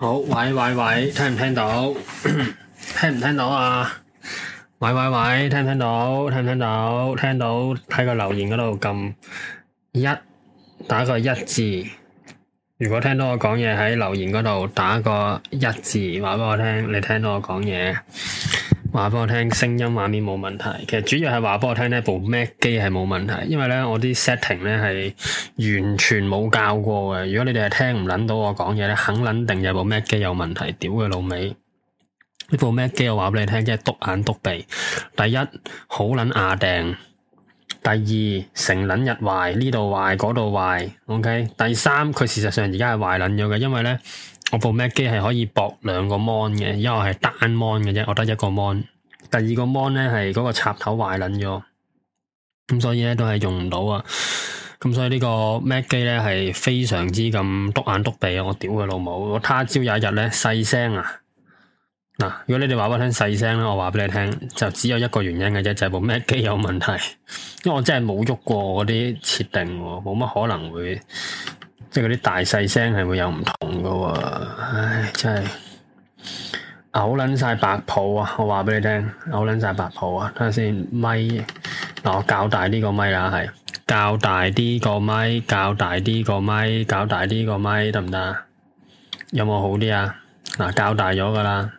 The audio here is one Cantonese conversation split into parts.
好，喂喂喂，聽唔聽到？聽唔聽到啊？喂喂喂，聽唔聽到？聽唔聽到？聽到，喺個留言嗰度撳一，打個一字。如果聽到我講嘢，喺留言嗰度打個一字，話畀我聽，你聽到我講嘢。話俾我聽，聲音畫面冇問題。其實主要係話俾我聽呢部 Mac 機係冇問題。因為呢我啲 setting 呢係完全冇教過嘅。如果你哋係聽唔捻到我講嘢咧，肯捻定,定有部 Mac 機有問題。屌佢老味。呢部 Mac 機我話俾你聽，即係篤眼篤鼻。第一，好捻牙定；第二，成捻日壞，呢度壞，嗰度壞。OK，第三，佢事實上而家係壞捻咗嘅，因為呢。我部 Mac 機係可以駁兩個 mon 嘅，因為我係單 mon 嘅啫，我得一個 mon。第二個 mon 咧，係嗰個插頭壞撚咗，咁所以咧都係用唔到啊。咁所以呢，所以個 Mac 機咧，係非常之咁篤眼篤鼻啊！我屌佢老母，我他朝有一日咧細聲啊嗱、啊，如果你哋話俾我聽細聲咧，我話俾你聽就只有一個原因嘅啫，就係、是、部 Mac 機有問題，因為我真係冇喐過嗰啲設定，冇乜可能會。即係嗰啲大細聲係會有唔同噶喎、啊，唉，真係嘔撚晒白泡啊！我話畀你聽，嘔撚晒白泡啊！等陣先，咪，嗱，我較大啲個咪啦，係較大啲個咪，較大啲個咪，較大啲個咪，得唔得啊？有冇好啲啊？嗱，較大咗噶啦，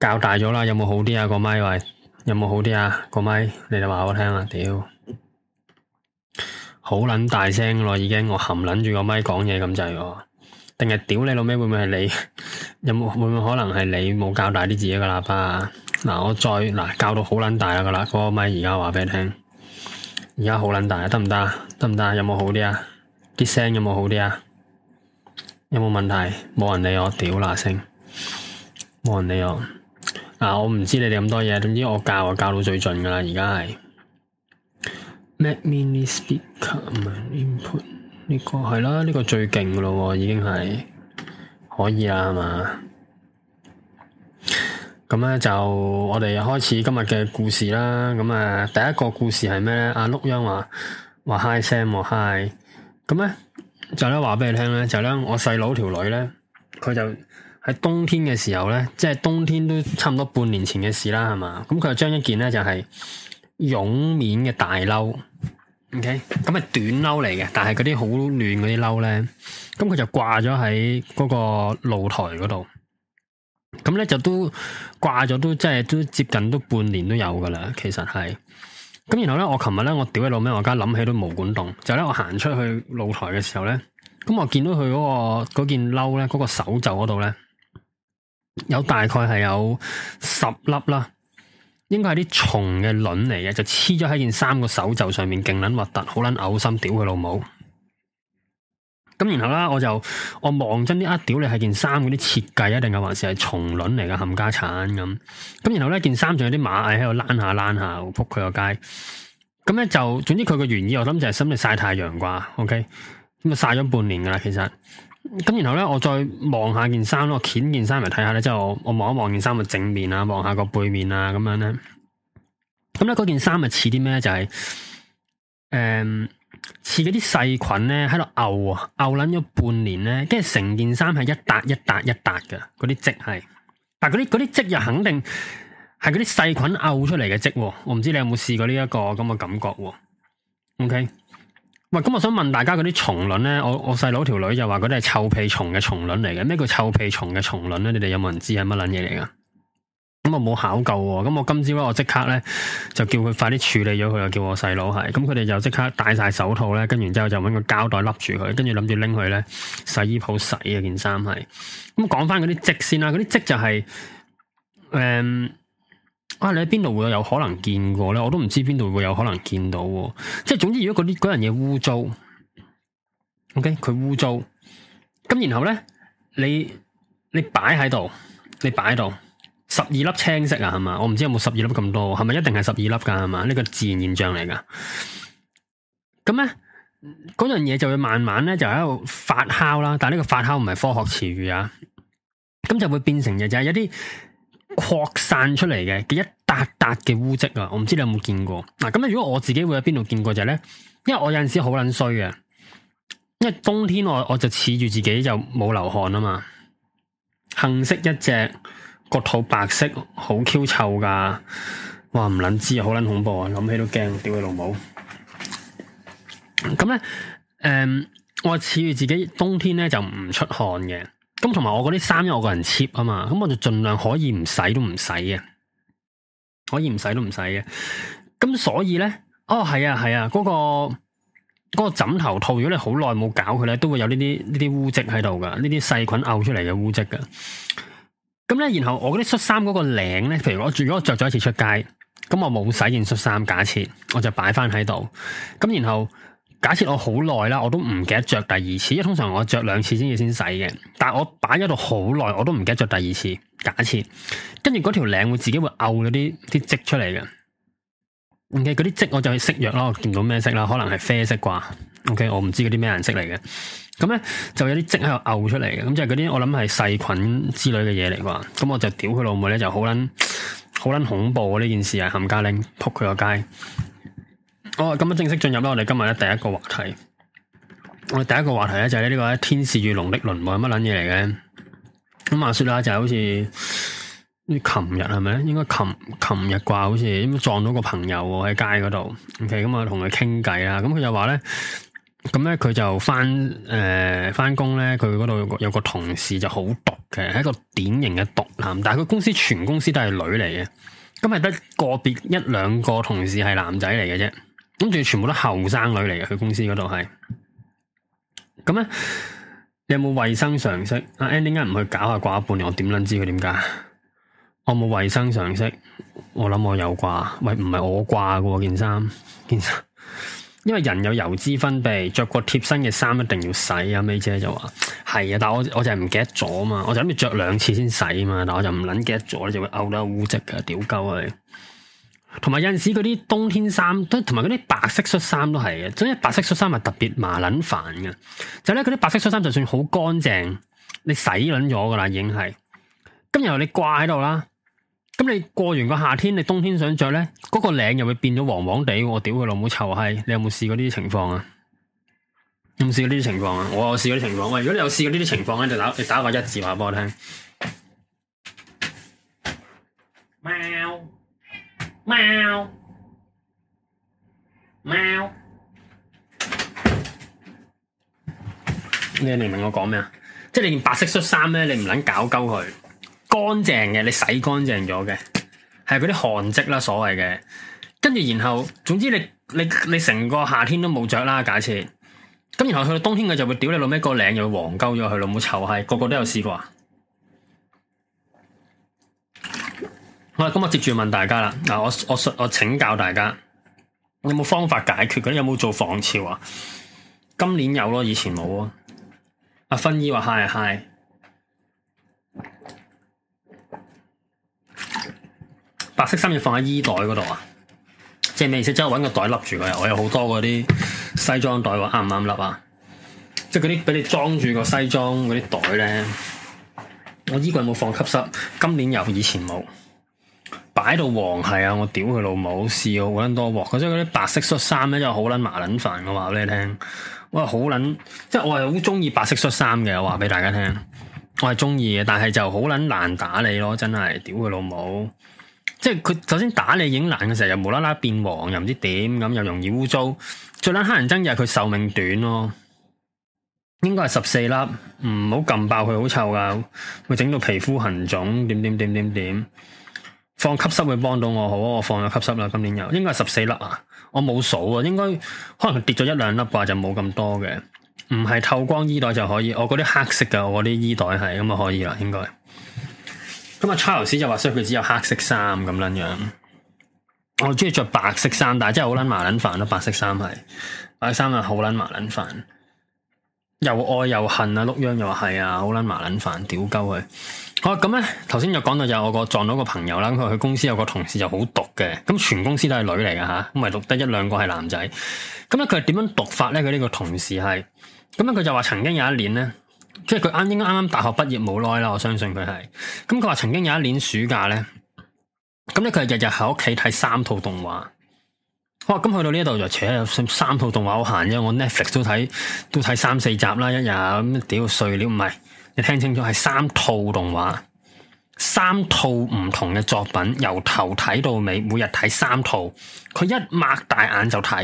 較大咗啦，有冇好啲啊？個咪喂，有冇好啲啊？個咪，你哋話我聽啊，屌！好撚大聲咯，已經我含撚住個麥講嘢咁滯，定係屌你老味會唔會係你？有冇會唔會可能係你冇較大啲自己嘅喇叭？嗱、啊，我再嗱較到好撚大啊！噶啦，嗰、那個麥而家話畀你聽，而家好撚大啊！得唔得？得唔得？有冇好啲啊？啲聲有冇好啲啊？有冇問題？冇人理我，屌喇聲，冇人理我。嗱、啊，我唔知你哋咁多嘢，總之我較啊較到最盡噶喇。而家係。Mini Speaker 唔係 Input 呢個係啦，呢個最勁噶咯，已經係可以啦，係嘛。咁咧就我哋開始今日嘅故事啦。咁啊，第一個故事係咩咧？阿碌央話話 Hi Sam，Hi。咁咧就咧話俾你聽咧，就咧我細佬條女咧，佢就喺冬天嘅時候咧，即係冬天都差唔多半年前嘅事啦，係嘛。咁佢就將一件咧就係。絨面嘅大褸，OK，咁係短褸嚟嘅，但係嗰啲好暖嗰啲褸咧，咁佢就掛咗喺嗰個露台嗰度，咁、嗯、咧就都掛咗，都即係都接近都半年都有噶啦，其實係。咁、嗯、然後咧，我琴日咧，我屌鬼路咩，我而家諗起都毛管戙。就咧、是，我行出去露台嘅時候咧，咁、嗯、我見到佢嗰、嗰個件褸咧，嗰、嗰個手袖嗰度咧，有大概係有十粒啦。應該係啲蟲嘅卵嚟嘅，就黐咗喺件衫個手袖上面，勁捻核突，好捻嘔心，屌佢老母！咁然後啦，我就我望真啲啊，屌你係件衫嗰啲設計一定係還是係蟲卵嚟嘅冚家鏟咁？咁然後咧，件衫仲有啲螞蟻喺度躝下躝下，扑佢個街。咁咧就，總之佢個原意，我諗就係想嚟曬太陽啩？OK，咁啊曬咗半年噶啦，其實。咁然後咧，我再望下件衫咯，掀件衫嚟睇下咧，即係我望一望件衫嘅正面啊，望下個背面啊，咁樣咧。咁咧嗰件衫係似啲咩？就係誒，似嗰啲細菌咧喺度嘔啊，嘔撚咗半年咧，跟住成件衫係一笪一笪一笪嘅嗰啲漬係，但係嗰啲嗰啲漬又肯定係嗰啲細菌嘔出嚟嘅漬，我唔知你有冇試過呢一個咁嘅感覺喎。OK。喂，咁、嗯、我想問大家嗰啲蟲卵咧，我我細佬條女就話嗰啲係臭屁蟲嘅蟲卵嚟嘅，咩叫臭屁蟲嘅蟲卵咧？你哋有冇人知係乜卵嘢嚟噶？咁我冇考究喎、啊，咁我今朝咧我即刻咧就叫佢快啲處理咗佢，又叫我細佬係，咁佢哋就即刻戴晒手套咧，跟完之後就揾個膠袋笠住佢，跟住諗住拎去咧，洗衣鋪洗啊件衫係，咁講翻嗰啲積先啦，嗰啲積就係、是、誒。嗯啊！你喺邊度會有可能見過咧？我都唔知邊度會有可能見到哦。即係總之，如果嗰啲樣嘢污糟，OK，佢污糟。咁然後咧，你你擺喺度，你擺喺度十二粒青色啊？係嘛？我唔知有冇十二粒咁多，係咪一定係十二粒噶？係嘛？呢個自然現象嚟噶。咁咧，嗰樣嘢就會慢慢咧就喺度發酵啦。但係呢個發酵唔係科學詞語啊。咁就會變成嘅就係有啲。擴散出嚟嘅嘅一笪笪嘅污漬啊！我唔知你有冇見過嗱。咁、啊、如果我自己會喺邊度見過就係咧，因為我有陣時好撚衰嘅，因為冬天我我就恃住自己就冇流汗啊嘛，杏色一隻，個肚白色，好 Q 臭噶，哇唔捻知啊，好捻恐怖啊，諗起都驚，屌佢老母！咁、嗯、咧，誒、嗯，我恃住自己冬天咧就唔出汗嘅。咁同埋我嗰啲衫，我個人 cheap 啊嘛，咁我就盡量可以唔洗都唔洗嘅，可以唔洗都唔洗嘅。咁所以咧，哦係啊係啊，嗰個嗰個枕頭套，如果你好耐冇搞佢咧，都會有呢啲呢啲污漬喺度噶，呢啲細菌漚出嚟嘅污漬噶。咁咧，然後我嗰啲恤衫嗰個領咧，譬如我如果我着咗一次出街，咁我冇洗件恤衫，假設我就擺翻喺度，咁然後。假設我好耐啦，我都唔記得着第二次，因為通常我着兩次先至先洗嘅。但係我擺喺度好耐，我都唔記得着第二次。假設，跟住嗰條領會自己會嘔嗰啲啲積出嚟嘅。O K，嗰啲積我就去釋藥咯，我見到咩色啦？可能係啡色啩？O K，我唔知嗰啲咩顏色嚟嘅。咁咧就有啲積喺度嘔出嚟嘅，咁即係嗰啲我諗係細菌之類嘅嘢嚟啩？咁我就屌佢老妹咧，就好捻好捻恐怖啊！呢件事係冚家拎，扑佢個街。哦，咁啊，正式進入啦！我哋今日咧第一個話題，我哋第一個話題咧就係咧呢個《天使與龍的輪舞》係乜撚嘢嚟嘅？咁話說啦，就係、好似，是是呢琴日係咪咧？應該琴琴日啩，好似咁撞到個朋友喎、哦、喺街嗰度，OK，咁啊同佢傾偈啦。咁佢就話咧，咁咧佢就翻誒翻工咧，佢嗰度有個同事就好毒嘅，係一個典型嘅毒男，但係佢公司全公司都係女嚟嘅，咁係得個別一兩個同事係男仔嚟嘅啫。咁住全部都後生女嚟嘅，佢公司嗰度係，咁咧你有冇衛生常識？阿 Andy 點解唔去搞下掛一半，我點捻知佢點解？我冇衛生常識，我諗我有掛。喂，唔係我掛嘅件衫，件衫，因為人有油脂分泌，着過貼身嘅衫一定要洗。阿 May 姐就話係啊，但係我我就係唔記得咗啊嘛，我就諗住着兩次先洗啊嘛，但係我就唔捻記得咗，就會漚得污漬嘅，屌鳩你！同埋有陣時嗰啲冬天衫同埋嗰啲白色恤衫都係嘅，總之，白色恤衫係特別麻捻煩嘅。就係咧，嗰啲白色恤衫就算好乾淨，你洗捻咗噶啦，已經係。咁然後你掛喺度啦，咁你過完個夏天，你冬天想着咧，嗰個領又會變咗黃黃地。我屌佢老母臭閪！你有冇試過呢啲情況啊？有冇試過呢啲情況啊？我有試過啲情況。喂，如果你有試過呢啲情況咧，就打，你打個一字話俾我聽。喵貓，貓。你明唔明我講咩啊？即係你件白色恤衫咧，你唔撚搞鳩佢，乾淨嘅，你洗乾淨咗嘅，係嗰啲汗漬啦，所謂嘅。跟住然後，總之你你你成個夏天都冇着啦，假設。咁然後去到冬天佢就會屌你老味個領又黃鳩咗佢，老母臭閪，個個都有試過，啊。我今日接住問大家啦，嗱，我我我請教大家，有冇方法解決啲？有冇做防潮啊？今年有咯，以前冇啊。阿芬姨話係嗨，白色衫要放喺衣袋嗰度啊？即係咩意思？即係搵個袋笠住佢啊！我有好多嗰啲西裝袋喎，啱唔啱笠啊？即係嗰啲畀你裝住個西裝嗰啲袋咧，我衣櫃冇放吸濕？今年有，以前冇。擺到黃係啊！我屌佢老母，試好撚多鑊。佢將嗰啲白色恤衫咧就好捻麻捻煩，我話俾你聽。我係，好捻，即係我係好中意白色恤衫嘅，我話俾大家聽。我係中意嘅，但係就好捻難打理咯，真係，屌佢老母！即係佢首先打你影爛嘅時候，又無啦啦變黃，又唔知點咁，又容易污糟。最捻黑人憎嘅係佢壽命短咯，應該係十四粒，唔好撳爆佢，好臭噶，會整到皮膚痕腫，點點點點點。放吸濕會幫到我好，好，我放咗吸濕啦。今年又應該係十四粒啊，我冇數啊，應該，應該可能跌咗一兩粒啩，就冇咁多嘅。唔係透光衣袋就可以，我嗰啲黑色嘅我嗰啲衣袋係咁啊，可以啦應該。咁啊 Charles 就話，所以佢只有黑色衫咁撚樣。我中意着白色衫，但係真係好撚麻撚煩咯。白色衫係白色衫啊，好撚麻撚煩，又愛又恨啊！碌央又話係啊，好撚麻撚煩，屌鳩佢。哦，咁咧、嗯，頭先就講到就我個撞到個朋友啦，咁佢佢公司有個同事就好毒嘅，咁全公司都係女嚟嘅吓，咁咪獨得一兩個係男仔。咁咧佢點樣毒法咧？佢呢個同事係，咁咧佢就話曾經有一年咧，即係佢啱應該啱啱大學畢業冇耐啦，我相信佢係。咁佢話曾經有一年暑假咧，咁咧佢係日日喺屋企睇三套動畫。哇！咁去到呢度就扯，三套動畫好閒啫，我 Netflix 都睇都睇三四集啦，一日咁屌碎料唔係。你聽清楚，係三套動畫，三套唔同嘅作品，由頭睇到尾，每日睇三套，佢一擘大眼就睇，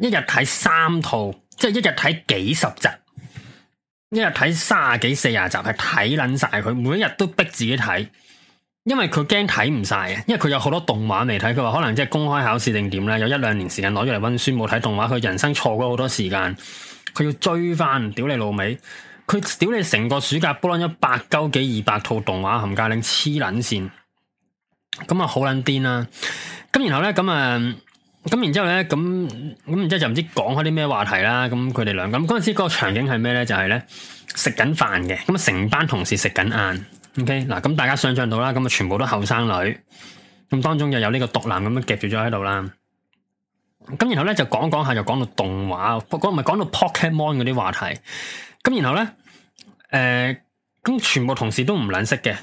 一日睇三套，即係一日睇幾十集，一日睇卅幾四十集，係睇捻曬佢，每一日都逼自己睇，因為佢驚睇唔晒啊，因為佢有好多動畫未睇，佢話可能即係公開考試定點咧，有一兩年時間攞咗嚟溫書冇睇動畫，佢人生錯過好多時間，佢要追翻，屌你老味」。佢屌你成個暑假煲咗百鳩幾二百套動畫，冚家令黐捻線，咁啊好捻癲啦！咁然後咧，咁、嗯、啊，咁然之後咧，咁、嗯、咁然之後、嗯、後就唔知講開啲咩話題啦。咁佢哋兩個咁嗰陣時個場景係咩咧？就係咧食緊飯嘅，咁啊成班同事食緊晏。嗯、OK 嗱，咁大家想象到啦，咁啊全部都後生女，咁當中又有呢個毒男咁樣夾住咗喺度啦。咁然後咧就講講下，就講到動畫，不過咪講到 Pokemon 嗰啲話題。咁然後咧，誒、呃，咁全部同事都唔捻識嘅，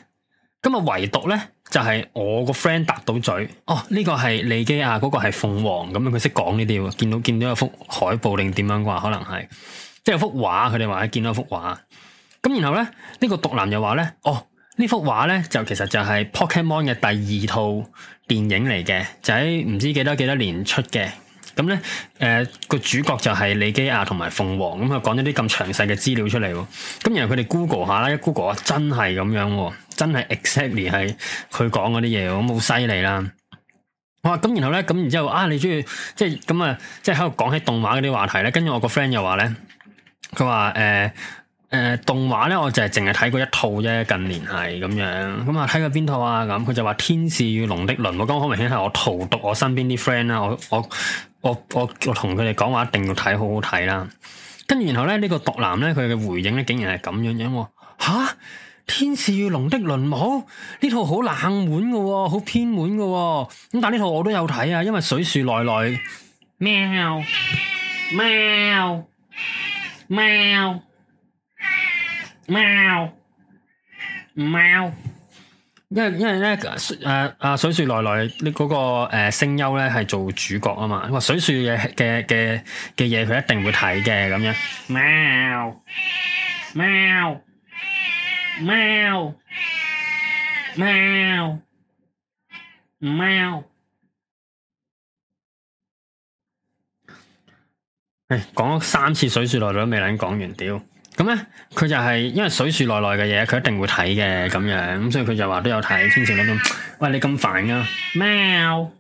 咁啊唯獨咧就係、是、我個 friend 答到嘴，哦呢、這個係利基亞，嗰、那個係鳳凰，咁啊佢識講呢啲，見到見到有幅海報定點樣啩，可能係，即係幅畫，佢哋話見到一幅畫，咁然後咧呢、這個毒男又話咧，哦呢幅畫咧就其實就係 Pokemon 嘅第二套電影嚟嘅，就喺唔知幾多幾多年出嘅。咁咧，誒個、呃、主角就係李基亞同埋鳳凰，咁佢講咗啲咁詳細嘅資料出嚟喎。咁、嗯哦嗯嗯、然後佢哋 Google 下啦，一 Google 啊，真係咁樣，真係 exactly 係佢講嗰啲嘢，咁好犀利啦。哇！咁然後咧，咁然之後啊，你中意即係咁啊，即係喺度講起動畫嗰啲話題咧。跟住我個 friend 又話咧，佢話誒誒動畫咧，我就係淨係睇過一套啫。近年係咁樣，咁啊睇過邊套啊？咁佢就話《天使與龍的輪舞》。剛好明顯係我荼毒我身邊啲 friend 啦，我我。我我我我我同佢哋講話一定要睇，好好睇啦。跟住然後咧，呢個毒男咧，佢嘅回應咧，竟然係咁樣樣喎。吓，天使與龍的輪舞呢套好冷門嘅喎，好偏門嘅喎。咁但呢套我都有睇啊，因為水樹奈奈。喵喵喵喵喵。因為因為咧，誒，阿水樹奈奈，你嗰個誒聲優咧係做主角啊嘛，因為，水樹嘅嘅嘅嘅嘢佢一定會睇嘅咁樣。喵，喵，喵，喵，喵。誒，講咗三次水樹奈奈都未能講完，屌！咁咧，佢就係因為水樹奈奈嘅嘢，佢一定會睇嘅咁樣，咁所以佢就話都有睇，天成咁樣。喂，你咁煩噶？喵！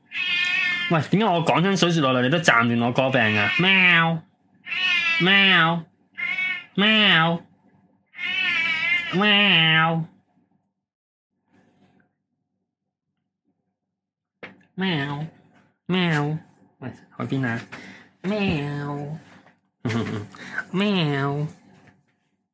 喂，點解我講親水樹奈奈，你都站住我個病噶？喵！喵！喵！喵！喵！喵！喂，喺邊啊？喵！喵！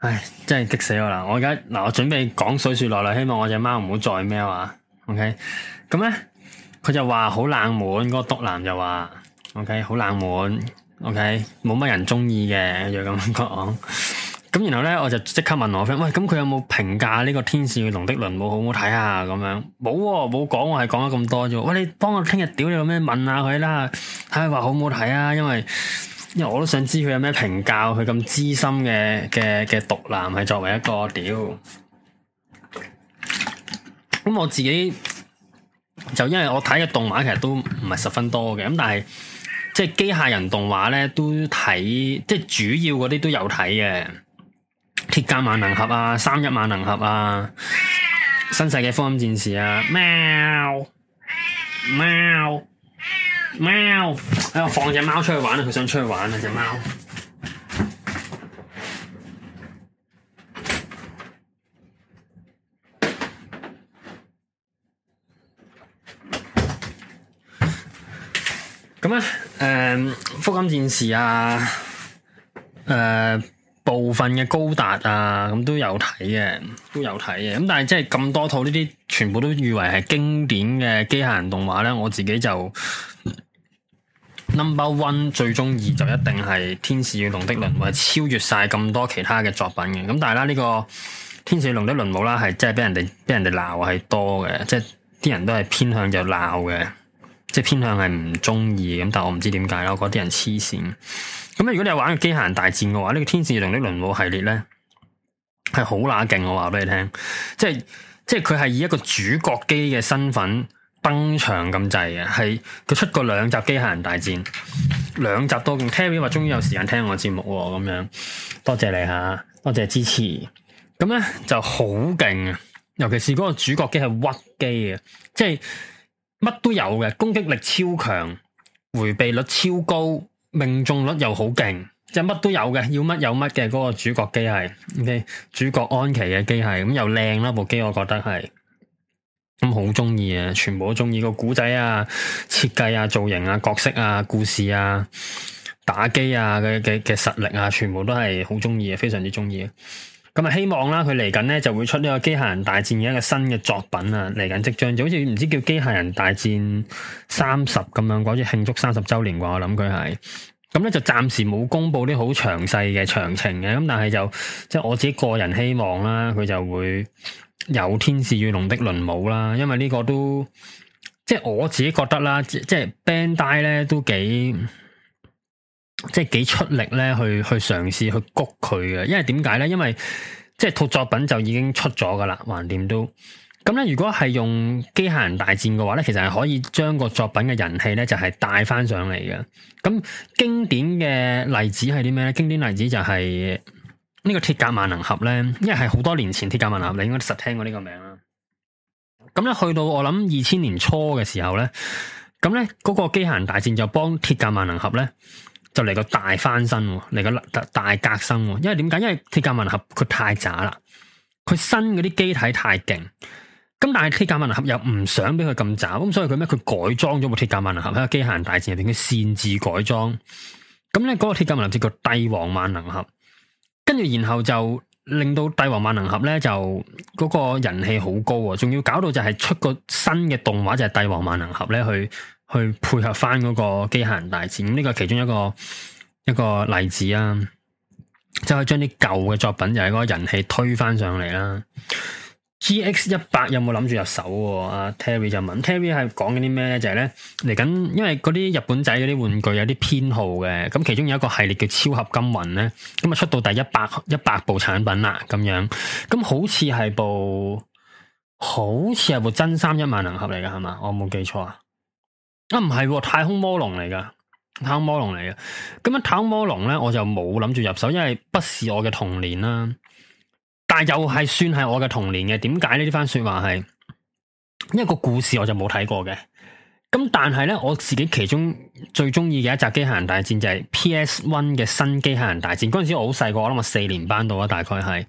唉，真係激死我啦！我而家嗱，我準備講水說落來，希望我隻貓唔好再咩啊！OK，咁咧，佢就話好冷門，嗰、那個督男就話 OK，好冷門，OK，冇乜人中意嘅，就咁講咁、嗯、然後咧，我就即刻問我 friend，喂，咁佢有冇評價呢個《天使與龍的輪舞》好唔好睇啊？咁樣，冇、啊，冇講，我係講咗咁多啫。喂，你幫我聽日屌你個咩問下佢啦，睇佢話好唔好睇啊？因為。因為我都想知佢有咩評價，佢咁資深嘅嘅嘅獨男係作為一個屌。咁 我自己就因為我睇嘅動畫其實都唔係十分多嘅，咁但係即係機械人動畫咧都睇，即係主要嗰啲都有睇嘅。鐵甲萬能俠啊，三一萬能俠啊，新世紀福音戰士啊，喵喵。貓喺度放隻貓出去玩啊！佢想出去玩隻貓啊！隻貓咁啊！誒，《福音戰士啊》啊，誒，部分嘅高達啊，咁都有睇嘅，都有睇嘅。咁但係即係咁多套呢啲，全部都譽為係經典嘅機械人動畫咧，我自己就。Number one 最中意就一定係《天使與龍的輪舞》，係超越晒咁多其他嘅作品嘅。咁但係啦，呢個《天使與龍的輪舞》啦，係真係俾人哋俾人哋鬧係多嘅，即係啲人都係偏向就鬧嘅，即係偏向係唔中意。咁但係我唔知點解啦，我覺啲人黐線。咁咧，如果你有玩《機械人大戰》嘅話，呢個《天使與龍的輪舞》系列咧係好乸勁，我話俾你聽，即係即係佢係以一個主角機嘅身份，登場咁濟嘅滯，係佢出過兩集《機械人大戰》兩，兩集都勁。Terry 話終於有時間聽我節目，咁樣多謝你吓，多謝支持。咁咧就好勁啊！尤其是嗰個主角機係屈機啊，即係乜都有嘅，攻擊力超強，回避率超高，命中率又好勁，即係乜都有嘅，要乜有乜嘅嗰個主角機係。O.K. 主角安琪嘅機械，咁又靚啦部機，我覺得係。咁好中意啊！全部都中意個古仔啊、設計啊、造型啊、角色啊、故事啊、打機啊嘅嘅嘅實力啊，全部都係好中意啊，非常之中意。咁、嗯、啊，希望啦，佢嚟緊呢就會出呢個《機械人大戰》嘅一個新嘅作品啊，嚟緊即將就好似唔知叫《機械人大戰三十》咁樣，或者慶祝三十周年啩？我諗佢係咁咧，就、嗯、暫、嗯嗯嗯、時冇公布啲好詳細嘅詳情嘅，咁、嗯、但係就即係我自己個人希望啦，佢就會。有天使與龍的輪舞啦，因為呢個都即係我自己覺得啦，即係 Bandai 咧，都幾即係幾出力咧去去嘗試去谷佢嘅，因為點解咧？因為即係套作品就已經出咗噶啦，橫掂都咁咧。如果係用機械人大戰嘅話咧，其實係可以將個作品嘅人氣咧就係帶翻上嚟嘅。咁經典嘅例子係啲咩咧？經典例子就係、是。呢個鐵甲萬能俠咧，因為係好多年前鐵甲萬能俠，你應該實聽過呢個名啦。咁咧去到我諗二千年初嘅時候咧，咁咧嗰個機械人大戰就幫鐵甲萬能俠咧，就嚟個大翻身，嚟個大大革新。因為點解？因為鐵甲萬能俠佢太渣啦，佢新嗰啲機體太勁。咁但係鐵甲萬能俠又唔想俾佢咁渣，咁所以佢咩？佢改裝咗部鐵甲萬能俠，喺個機械人大戰入邊嘅擅自改裝。咁咧嗰個鐵甲萬能俠就叫帝王萬能俠。跟住然後就令到《帝王萬能俠》呢，就嗰個人氣好高啊，仲要搞到就係出個新嘅動畫就係、是《帝王萬能俠》呢，去去配合翻嗰個機《機械人大戰》，咁呢個其中一個一個例子啊，即係將啲舊嘅作品就係嗰個人氣推翻上嚟啦。G X 一百有冇諗住入手？阿、啊、Terry 就問，Terry 係講緊啲咩咧？就係咧嚟緊，因為嗰啲日本仔嗰啲玩具有啲編號嘅，咁其中有一個系列叫超合金魂咧，咁啊出到第一百一百部產品啦，咁樣，咁好似係部，好似係部真三一萬能俠嚟嘅係嘛？我冇記錯啊，啊唔係太空魔龍嚟噶，太空魔龍嚟嘅，咁啊太空魔龍咧，我就冇諗住入手，因為不是我嘅童年啦、啊。但係又係算係我嘅童年嘅，點解呢？呢番說話係因為故事，我就冇睇過嘅。咁但係咧，我自己其中最中意嘅一集《機械人大戰》就係 PS One 嘅新《機械人大戰》。嗰陣時我好細個，我諗我四年班到啦，大概係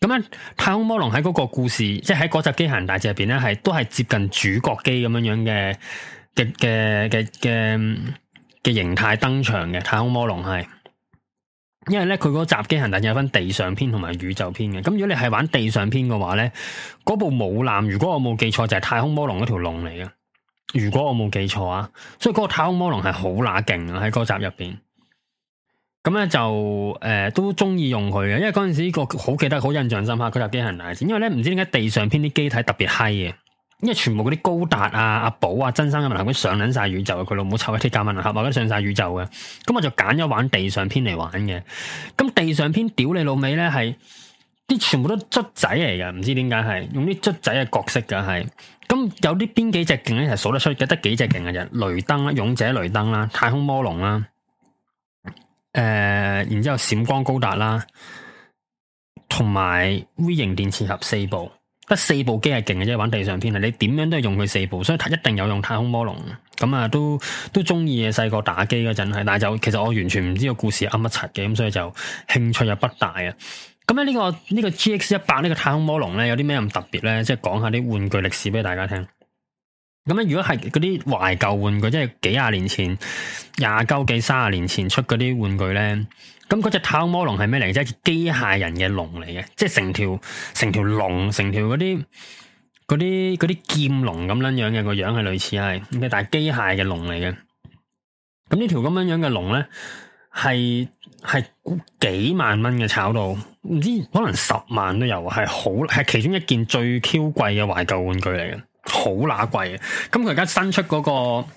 咁啊。太空魔龍喺嗰個故事，即係喺嗰集《機械人大戰》入邊咧，係都係接近主角機咁樣樣嘅嘅嘅嘅嘅嘅形態登場嘅。太空魔龍係。因為咧佢個集機人大戰有分地上篇同埋宇宙篇嘅，咁如果你係玩地上篇嘅話咧，部母艦如果我冇記錯就係太空魔龍嗰條龍嚟嘅。如果我冇記錯啊、就是，所以嗰個太空魔龍係好乸勁啊喺個集入邊，咁咧就誒、呃、都中意用佢嘅，因為嗰陣時個好記得好印象深刻佢集機人大戰，因為咧唔知點解地上篇啲機體特別嗨嘅。因為全部嗰啲高達啊、阿寶啊、真身嘅萬能俠上撚晒宇宙佢老母湊一啲夾萬能俠啊，上晒宇宙嘅。咁我就揀咗玩地上篇嚟玩嘅。咁地上篇屌你老味咧，係啲全部都卒仔嚟嘅，唔知點解係用啲卒仔嘅角色噶係。咁有啲邊幾隻勁咧？其實數得出嘅，得幾隻勁嘅啫。雷登、勇者雷登啦、太空魔龍啦，誒、呃，然之後閃光高達啦，同埋 V 型電磁俠四部。四部機係勁嘅啫，玩地上片啊，你點樣都係用佢四部，所以一定有用太空魔龍。咁啊，都都中意嘅，細個打機嗰陣係，但係就其實我完全唔知個故事噏乜柒嘅，咁所以就興趣又不大啊。咁咧呢個呢個 GX 一百呢個太空魔龍咧，有啲咩咁特別咧？即係講下啲玩具歷史俾大家聽。咁咧如果係嗰啲懷舊玩具，即係幾廿年前、廿九幾、卅年前出嗰啲玩具咧。咁嗰隻跑魔龍係咩嚟？即係機械人嘅龍嚟嘅，即係成條成條龍，成條嗰啲嗰啲嗰啲劍龍咁樣樣嘅個樣係類似係，但係機械嘅龍嚟嘅。咁呢條咁樣樣嘅龍咧，係係幾萬蚊嘅炒到，唔知可能十萬都有，係好係其中一件最 Q 貴嘅懷舊玩具嚟嘅，好乸貴。咁佢而家新出嗰個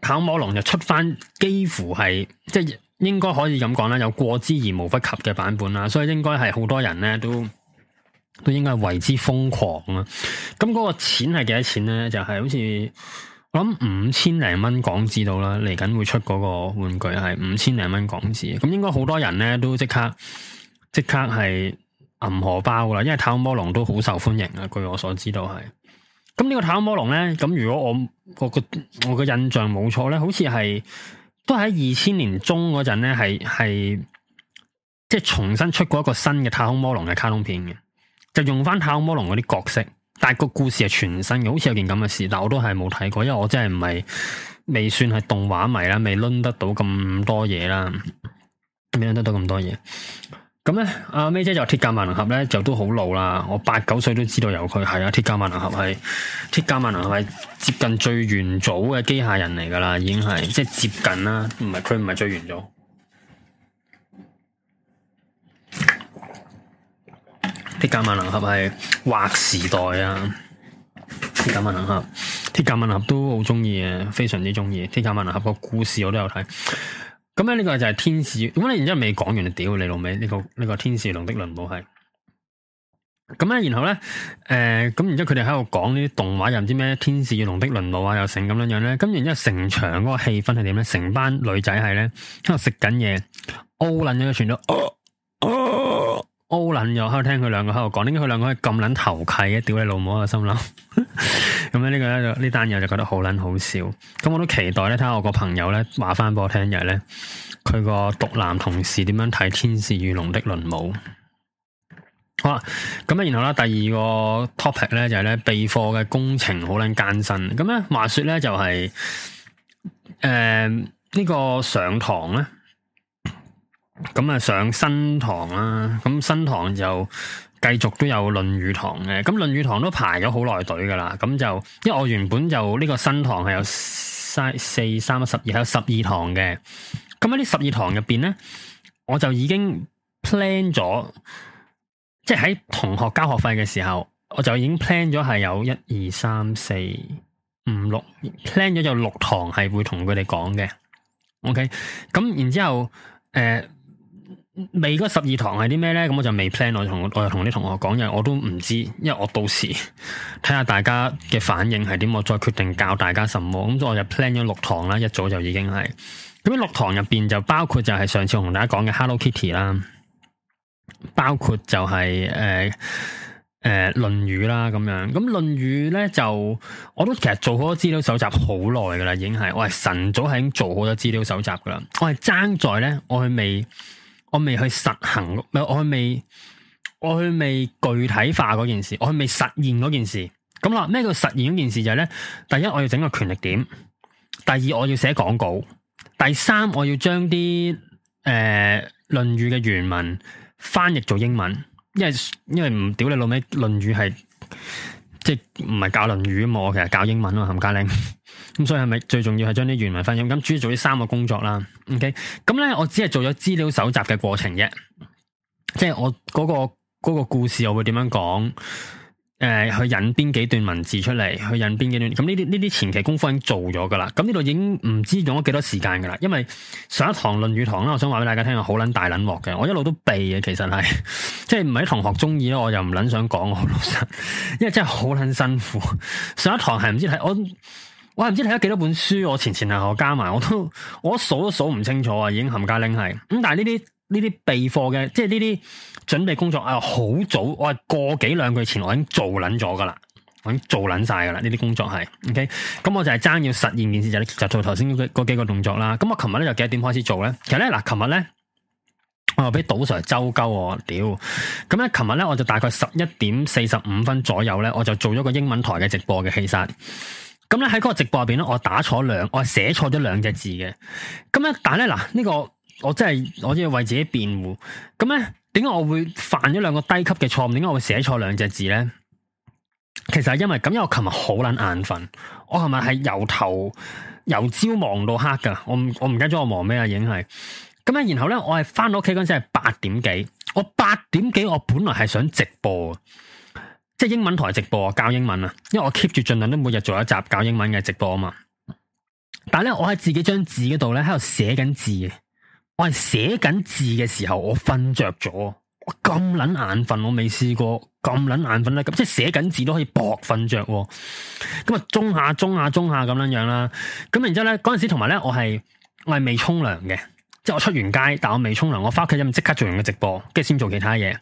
跑魔龍就出翻，幾乎係即係。應該可以咁講啦，有過之而無不及嘅版本啦，所以應該係好多人咧都都應該為之瘋狂啊！咁嗰個錢係幾多錢咧？就係、是、好似我諗五千零蚊港紙到啦，嚟緊會出嗰個玩具係五千零蚊港紙，咁應該好多人咧都即刻即刻係揞荷包啦，因為《太空魔龍》都好受歡迎啊！據我所知都係，咁呢個《太空魔龍》咧，咁如果我我個我個印象冇錯咧，好似係。都喺二千年中嗰陣咧，係係即係重新出過一個新嘅《太空魔龍》嘅卡通片嘅，就用翻《太空魔龍》嗰啲角色，但個故事係全新嘅，好似有件咁嘅事，但我都係冇睇過，因為我真係唔係未算係動畫迷啦，未輪得到咁多嘢啦，邊度輪得到咁多嘢？咁咧，阿 May 姐就鐵甲萬能俠咧，就都好老啦。我八九歲都知道有佢，係啊，鐵甲萬能俠係鐵甲萬能俠係接近最元祖嘅機械人嚟噶啦，已經係即係接近啦，唔係佢唔係最元祖。鐵甲萬能俠係劃時代啊！鐵甲萬能俠，鐵甲萬能俠都好中意啊，非常之中意。鐵甲萬能俠個故事我都有睇。咁咧呢個就係天使，咁咧然之後未講完就屌你老味。呢、這個呢、這個天使龍的輪舞係，咁咧然後咧，誒、呃，咁然之後佢哋喺度講呢啲動畫又唔知咩天使龍的輪舞啊又成咁樣樣咧，咁然之後成場嗰個氣氛係點咧？成班女仔係咧喺度食緊嘢，奧撚咗個全都，哦哦捻、又喺度聽佢兩個喺度講，點解佢兩個係咁捻投契嘅？屌你老母啊！心諗咁咧，呢個呢單嘢就覺得好捻好笑。咁我都期待咧，睇下我個朋友咧話返俾我聽日呢，又咧佢個獨男同事點樣睇《天使與龍的輪舞》。好啦，咁咧然後啦，第二個 topic 咧就係、是、咧備課嘅工程好捻艱辛。咁咧話說咧就係誒呢個上堂咧。咁啊，上新堂啦，咁新堂就繼續都有論語堂嘅，咁論語堂都排咗好耐隊㗎喇，咁就，因為我原本就呢、這個新堂係有三四三十二，有十二堂嘅，咁喺呢十二堂入邊呢，我就已經 plan 咗，即係喺同學交學費嘅時候，我就已經 plan 咗係有一二三四五六 plan 咗有六堂係會同佢哋講嘅，OK，咁然之後，誒、呃。未嗰十二堂係啲咩咧？咁我就未 plan，我同我又同啲同學講嘅，我都唔知，因為我到時睇下大家嘅反應係點，我再決定教大家什麼。咁我就 plan 咗六堂啦，一早就已經係。咁六堂入邊就包括就係上次同大家講嘅 Hello Kitty 啦，包括就係誒誒《論語》啦，咁樣。咁《論語》咧就我都其實做好多資料搜集好耐噶啦，已經係我係晨早係已經做好咗資料搜集噶啦，我係爭在咧我去未。我未去實行，唔係我未，我未具體化嗰件事，我未實現嗰件事。咁、嗯、啦，咩叫實現件事就係咧？第一，我要整個權力點；第二，我要寫廣告；第三，我要將啲誒《論、呃、語》嘅原文翻譯做英文，因為因為唔屌你老味《論語》係即係唔係教《論語》啊嘛，我其實教英文咯，冚家靚。咁、 嗯、所以係咪最重要係將啲原文翻譯？咁主要做呢三個工作啦。OK，咁咧，我只係做咗資料搜集嘅過程啫，即係我嗰、嗰個、嗰個故事我會點樣講？誒、呃，去引邊幾段文字出嚟，去引邊幾段？咁呢啲呢啲前期功夫已經做咗噶啦，咁呢度已經唔知用咗幾多時間噶啦。因為上一堂論語堂咧，我想話俾大家聽啊，好捻大捻鑊嘅，我一路都避嘅，其實係即係唔係同學中意咧，我又唔捻想講，我老實，因為真係好捻辛苦。上一堂係唔知係我。我唔知睇咗幾多本書，我前前後後加埋，我都我數都數唔清楚啊！已經冚家拎係咁，但係呢啲呢啲備課嘅，即係呢啲準備工作啊，好早我係過幾兩句前我已經做捻咗噶啦，我已經做捻晒噶啦，呢啲工作係，OK，咁、嗯、我就係爭要實現件事就就做頭先嗰嗰幾個動作啦。咁、嗯、我琴日咧就幾多點開始做咧？其實咧嗱，琴日咧我俾賭 Sir 周鳩我屌，咁咧琴日咧我就大概十一點四十五分左右咧，我就做咗個英文台嘅直播嘅氣殺。咁咧喺嗰個直播入邊咧，我打錯兩，我係寫錯咗兩隻字嘅。咁咧，但係咧嗱，呢、這個我真係我真係為自己辯護。咁咧，點解我會犯咗兩個低級嘅錯誤？點解我會寫錯兩隻字咧？其實係因為咁，因為我琴日好撚眼瞓，我琴日係由頭由朝忙到黑噶。我唔我唔記得咗我忙咩啊，已經係。咁咧，然後咧，我係翻到屋企嗰陣時係八點幾。我八點幾，我本來係想直播。即係英文台直播教英文啊，因為我 keep 住盡量都每日做一集教英文嘅直播啊嘛。但係咧，我喺自己張紙嗰度咧，喺度寫緊字。我係寫緊字嘅時候，我瞓着咗。咁捻眼瞓，我未試過咁捻眼瞓咧。咁即係寫緊字都可以搏瞓着。咁啊，中下中下中下咁樣樣啦。咁然之後咧，嗰陣時同埋咧，我係我係未沖涼嘅。即係我出完街，但我未沖涼，我翻屋企就即刻做完嘅直播，跟住先做其他嘢。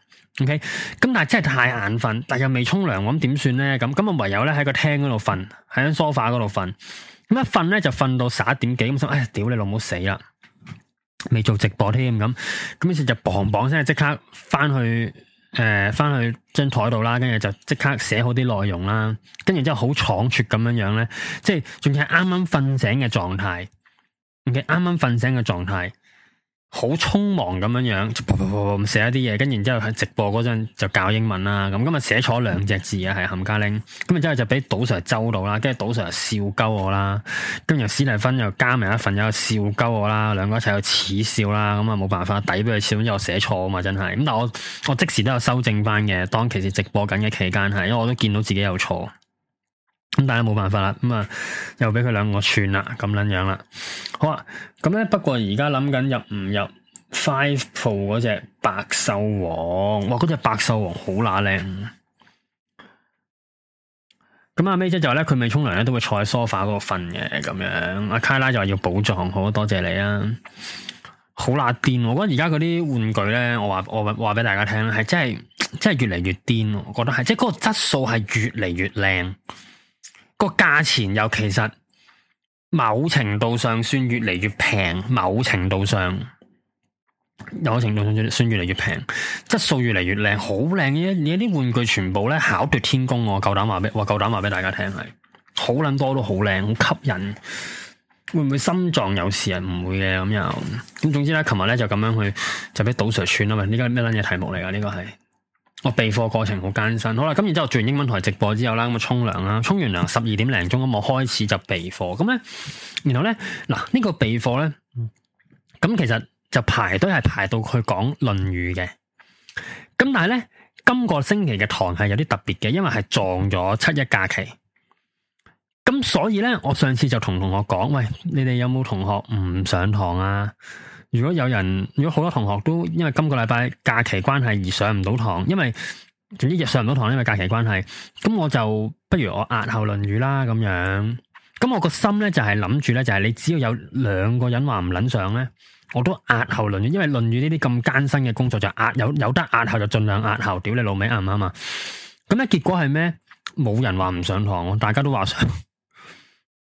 OK，咁但係真係太眼瞓，但又未沖涼，咁點算咧？咁咁啊，唯有咧喺個廳嗰度瞓，喺張梳化嗰度瞓。咁一瞓咧就瞓到十一點幾，咁想，哎呀，屌你老母死啦！未做直播添，咁咁於是就砰砰聲即刻翻去誒，翻、呃、去張台度啦，跟住就即刻寫好啲內容啦，跟住之後好倉促咁樣樣咧，即係仲係啱啱瞓醒嘅狀態，OK，啱啱瞓醒嘅狀態。剛剛好匆忙咁樣樣，唔寫一啲嘢，跟然之後喺直播嗰陣就教英文啦。咁今日寫錯兩隻字啊，係冚、嗯、家拎。咁啊之後就俾賭 Sir 周到啦，跟住賭 Sir 笑鳩我啦，跟住史蒂芬又加埋一份又笑鳩我啦，兩個一齊又恥笑啦。咁啊冇辦法，抵俾佢笑。因為我寫錯啊嘛，真係。咁但係我我即時都有修正翻嘅，當其時直播緊嘅期間係，因為我都見到自己有錯。咁但係冇辦法啦，咁啊又俾佢兩個串啦，咁捻樣啦。好啊，咁咧不過而家諗緊入唔入 Five Four 嗰隻百獸王，哇！嗰隻百獸王好乸靚、啊。咁阿 May 姐就話咧佢未沖涼咧都會坐喺梳化嗰度瞓嘅咁樣。阿 Kay 拉就話要保障，好多謝你啊！好乸癲、啊，我覺得而家嗰啲玩具咧，我話我話俾大家聽咧，係真係真係越嚟越癲、啊，我覺得係，即係嗰個質素係越嚟越靚。個價錢又其實某程度上算越嚟越平，某程度上，某程度上算越嚟越平，質素越嚟越靚，好靚嘅，你啲玩具全部咧巧奪天工，我夠膽話俾，我夠膽話俾大家聽係，好捻多都好靚，好吸引。會唔會心臟有事啊？唔會嘅咁又，咁總之咧，琴日咧就咁樣去，就俾賭 Sir 串啦嘛。呢個咩捻嘢題目嚟噶？呢、這個係。我備課過程好艱辛，好啦，咁然之後做完英文台直播之後啦，咁啊沖涼啦，沖完涼十二點零鐘咁，我開始就備課，咁咧，然後咧，嗱，呢個備課咧，咁其實就排隊係排到去講《論語》嘅，咁但係咧，今個星期嘅堂係有啲特別嘅，因為係撞咗七一假期，咁所以咧，我上次就同同學講，喂，你哋有冇同學唔上堂啊？如果有人，如果好多同學都因為今個禮拜假期關係而上唔到堂，因為總之上唔到堂，因為假期關係，咁我就不如我押後論語啦，咁樣。咁我個心咧就係諗住咧，就係、是就是、你只要有兩個人話唔捻上咧，我都押後論語，因為論語呢啲咁艱辛嘅工作就押有，有得押後就盡量押後，屌你老味，啱唔啱啊？咁咧結果係咩？冇人話唔上堂，大家都話上。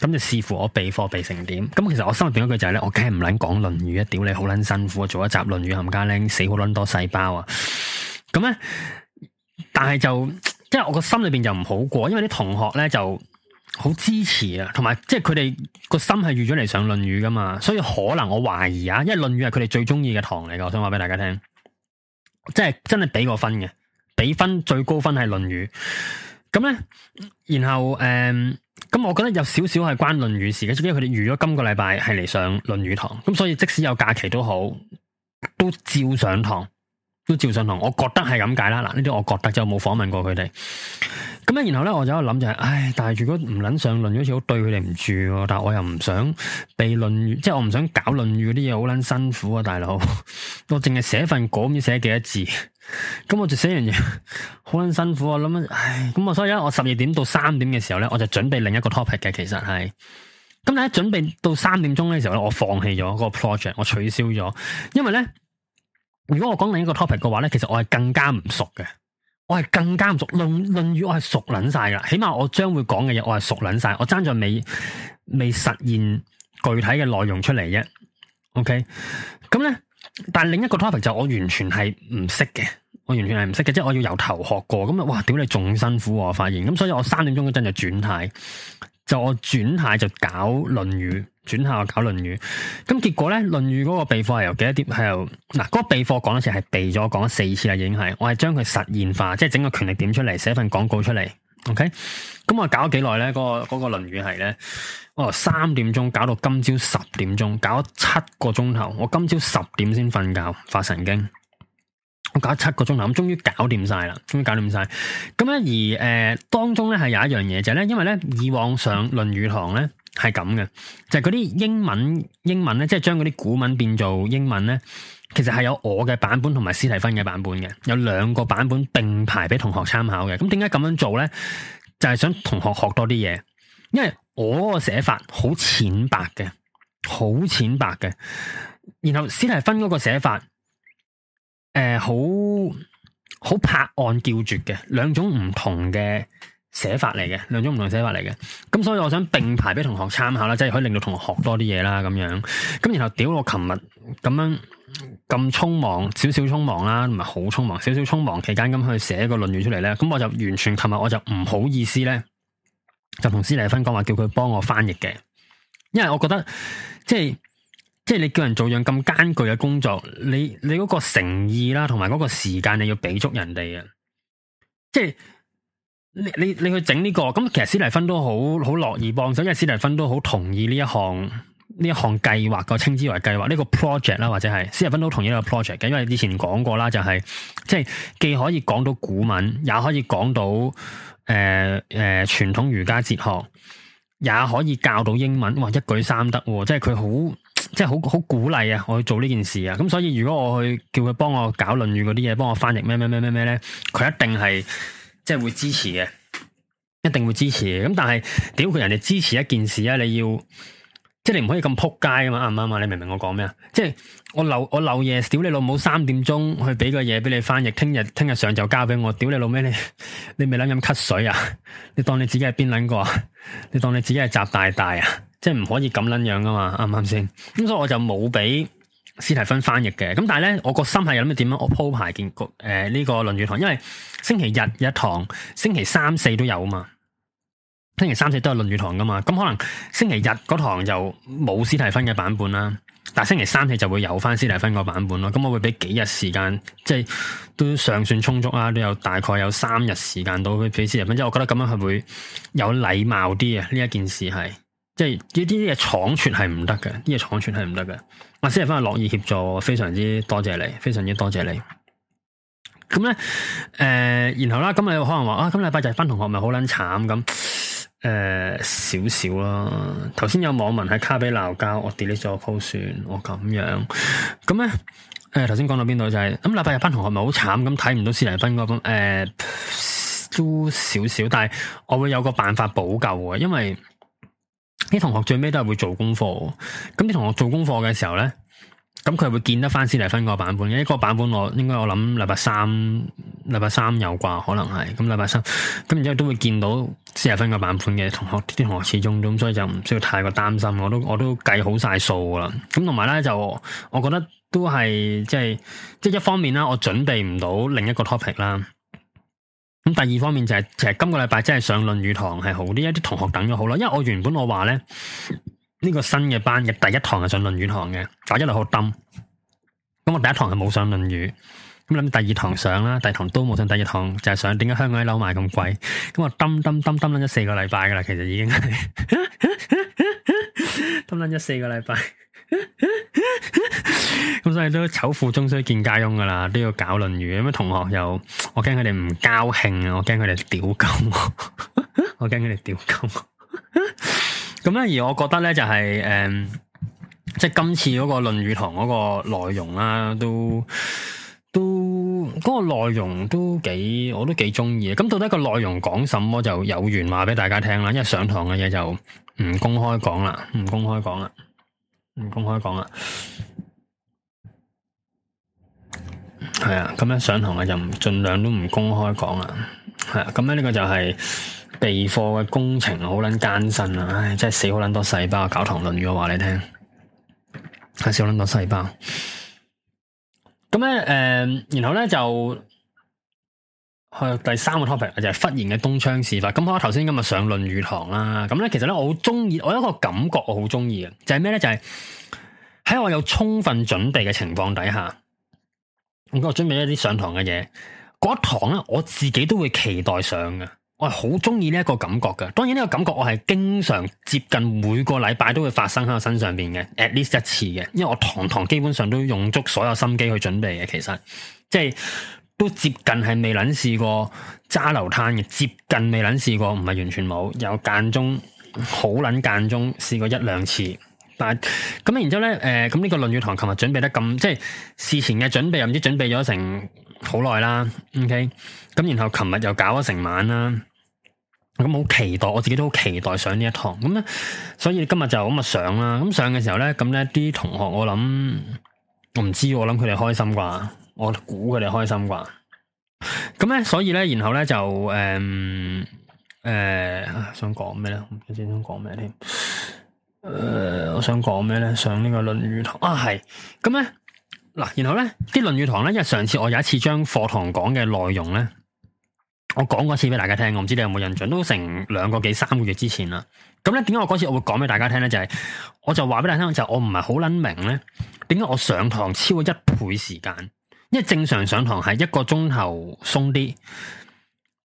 咁就視乎我備課備成點，咁其實我心入邊一句就係咧，我梗係唔捻講論語啊，屌你好捻辛苦啊，做一集論語冚家靚，死好捻多細胞啊，咁咧，但係就即係我個心裏邊就唔好過，因為啲同學咧就好支持啊，同埋即係佢哋個心係預咗嚟上論語噶嘛，所以可能我懷疑啊，因為論語係佢哋最中意嘅堂嚟噶，我想話俾大家聽，即係真係俾個分嘅，俾分最高分係論語，咁咧，然後誒。呃咁我覺得有少少係關《論語》事嘅，因為佢哋預咗今個禮拜係嚟上《論語》堂，咁所以即使有假期都好，都照上堂，都照上堂。我覺得係咁解啦，嗱呢啲我覺得就冇訪問過佢哋。咁樣然後咧，我就有諗就係、是，唉，但係如果唔撚上《論語》好似好對佢哋唔住喎，但係我又唔想被《論語》，即係我唔想搞《論語》嗰啲嘢，好撚辛苦啊，大佬，我淨係寫份稿，唔知寫幾多字。咁我就寫樣嘢，好捻 辛苦。啊。諗啊，唉，咁我所以咧，我十二點到三點嘅時候咧，我就準備另一個 topic 嘅。其實係，咁但係準備到三點鐘嘅時候咧，我放棄咗嗰個 project，我取消咗，因為咧，如果我講另一個 topic 嘅話咧，其實我係更加唔熟嘅，我係更加唔熟論論語我我我，我係熟捻晒噶，起碼我將會講嘅嘢，我係熟捻晒，我爭在未未實現具體嘅內容出嚟啫。OK，咁咧。但另一個 topic 就我完全係唔識嘅，我完全係唔識嘅，即係我要由頭學過，咁啊，哇，屌你仲辛苦，我發現，咁所以我三點鐘嗰陣就轉態，就我轉態就搞《論語》，轉下我搞《論語》，咁結果咧《論語》嗰個備課係由幾多點，係由嗱嗰個備課講一次係備咗，講咗四次啦，已經係，我係將佢實現化，即係整個權力點出嚟，寫份廣告出嚟。OK，咁、嗯、我搞咗幾耐咧？嗰、那個嗰、那個論語係咧，哦，三點鐘搞到今朝十點鐘，搞咗七個鐘頭。我今朝十點先瞓覺，發神經。我搞咗七個鐘頭，咁終於搞掂晒啦，終於搞掂晒。咁、嗯、咧而誒、呃、當中咧係有一樣嘢就係咧，因為咧以往上論語堂咧係咁嘅，就係嗰啲英文英文咧，即係將嗰啲古文變做英文咧。其實係有我嘅版本同埋斯蒂芬嘅版本嘅，有兩個版本並排俾同學參考嘅。咁點解咁樣做咧？就係、是、想同學學多啲嘢，因為我嗰個寫法好淺白嘅，好淺白嘅。然後斯蒂芬嗰個寫法，誒、呃，好好拍案叫絕嘅，兩種唔同嘅寫法嚟嘅，兩種唔同寫法嚟嘅。咁所以我想並排俾同學參考啦，即、就、係、是、可以令到同學學多啲嘢啦，咁樣。咁然後屌我琴日咁樣。咁匆忙，少少匆忙啦，唔係好匆忙，少少匆、匆忙期間咁去寫個論語出嚟咧，咁我就完全，琴日我就唔好意思咧，就同施麗芬講話叫佢幫我翻譯嘅，因為我覺得即係即係你叫人做這樣咁艱巨嘅工作，你你嗰個誠意啦，同埋嗰個時間你要俾足人哋啊，即係你你你去整呢、這個，咁其實施麗芬都好好樂意幫手，因為施麗芬都好同意呢一項。呢一項計劃我稱之為計劃呢個 project 啦，或者係斯仁分都同一個 project 嘅，因為之前講過啦，就係、是、即係既可以講到古文，也可以講到誒誒傳統儒家哲學，也可以教到英文，哇一舉三得，即係佢好即係好好鼓勵啊！我去做呢件事啊，咁所以如果我去叫佢幫我搞論語嗰啲嘢，幫我翻譯咩咩咩咩咩咧，佢一定係即係會支持嘅，一定會支持嘅。咁但係屌佢人哋支持一件事啊，你要。即係你唔可以咁撲街啊嘛，啱唔啱啊？你明唔明我講咩啊？即係我漏我漏夜，屌你老母三點鐘去俾個嘢俾你翻譯，聽日聽日上晝交俾我，屌你老咩？你你未諗飲咳水啊？你當你自己係邊捻個啊？你當你自己係習大大啊？即係唔可以咁捻樣噶嘛，啱唔啱先？咁所以我就冇俾斯提芬翻譯嘅。咁但係咧，我個心係諗住點樣我鋪排件誒呢個論語堂，因為星期日一堂，星期三四都有啊嘛。星期三、四都係論語堂噶嘛，咁可能星期日嗰堂就冇斯蒂芬嘅版本啦，但係星期三、四就會有翻斯蒂芬個版本咯。咁我會俾幾日時間，即係都尚算充足啦，都有大概有三日時間到俾斯蒂芬。即係我覺得咁樣係會有禮貌啲呀。呢一件事係，即係呢啲啲嘢搶奪係唔得嘅，啲嘢搶奪係唔得嘅。啊斯蒂芬係樂意協助，非常之多謝你，非常之多謝你。咁咧，誒、呃，然後啦，咁你可能話啊，今禮拜就係翻同學，咪好撚慘咁。誒、呃，少少啦。頭先有網民喺卡比鬧交，我 delete 咗個 post，我咁樣。咁、嗯、咧，誒、呃，頭先講到邊度就係、是，咁禮拜日班同學咪好慘咁睇唔到四零分嗰分，誒、呃，都少少。但係我會有個辦法補救嘅，因為啲同學最尾都係會做功課。咁、嗯、啲同學做功課嘅時候咧。咁佢會見得翻四十分個版本嘅，一個版本我應該我諗禮拜三禮拜三有啩，可能係咁禮拜三，咁然之後都會見到四十分個版本嘅同學，啲同學始終咁，所以就唔需要太過擔心。我都我都計好晒數啦。咁同埋咧，就我覺得都係即係即係一方面啦，我準備唔到另一個 topic 啦。咁第二方面就係即係，就係即係，今個禮拜真係上論語堂係好啲，一啲同學等咗好啦，因為我原本我話咧。呢個新嘅班嘅第一堂係上論語堂嘅，就一路好掹。咁我第一堂就冇上論語，咁諗第二堂上啦，第二堂都冇上，就是、上，第二堂就係上點解香港啲樓賣咁貴？咁我掹掹掹掹掹咗四個禮拜噶啦，其實已經係掹掹咗四個禮拜。咁 所以都醜富終須見家翁噶啦，都要搞論語。咁咩同學又，我驚佢哋唔高興啊，我驚佢哋屌鳩我， 我驚佢哋屌鳩我。 咁咧，而我覺得咧、就係，就係誒，即係今次嗰個論語堂嗰個內容啦、啊，都都嗰、嗰個內容都幾，我都幾中意。咁到底個內容講什麼就有緣話俾大家聽啦。因為上堂嘅嘢就唔公開講啦，唔公開講啦，唔公開講啦。係啊，咁咧上堂嘅就唔盡量都唔公開講啦。係啊，咁咧呢、呢個就係、係。備課嘅工程好捻艱辛啊！唉，真係死好捻多細胞搞《堂論語》話你聽，係死好捻多細胞。咁咧，誒、嗯，然後咧就係第三個 topic 就係忽然嘅東窗事發。咁我頭先今日上《論語》堂啦。咁咧，其實咧我好中意，我有一個感覺我好中意嘅就係咩咧？就係喺我有充分準備嘅情況底下，我準備一啲上堂嘅嘢，嗰一堂咧我自己都會期待上嘅。我係好中意呢一個感覺嘅，當然呢個感覺我係經常接近每個禮拜都會發生喺我身上邊嘅，at least 一次嘅，因為我堂堂基本上都用足所有心機去準備嘅，其實即係都接近係未捻試過揸流攤嘅，接近未捻試過，唔係完全冇，有間中好捻間中試過一兩次，但係咁然之後咧，誒、呃，咁呢個論語堂琴日準備得咁，即係事前嘅準備又唔知準備咗成好耐啦，OK，咁然後琴日又搞咗成晚啦。咁好、嗯、期待，我自己都好期待上呢一堂。咁咧，所以今日就咁啊上啦。咁上嘅時候咧，咁咧啲同學我，我諗我唔知，我諗佢哋開心啩。我估佢哋開心啩。咁咧，所以咧，然後咧就誒誒、嗯呃，想講咩咧？唔知想講咩添？誒、呃，我想講咩咧？上呢個論語堂啊，係咁咧嗱。然後咧啲論語堂咧，因為上次我有一次將課堂講嘅內容咧。我講過一次俾大家聽，我唔知你有冇印象，都成兩個幾三個月之前啦。咁咧，點解我嗰次我會講俾大家聽咧？就係、是、我就話俾大家聽，就是、我唔係好捻明咧，點解我上堂超咗一倍時間？因為正常上堂係一個鐘頭鬆啲，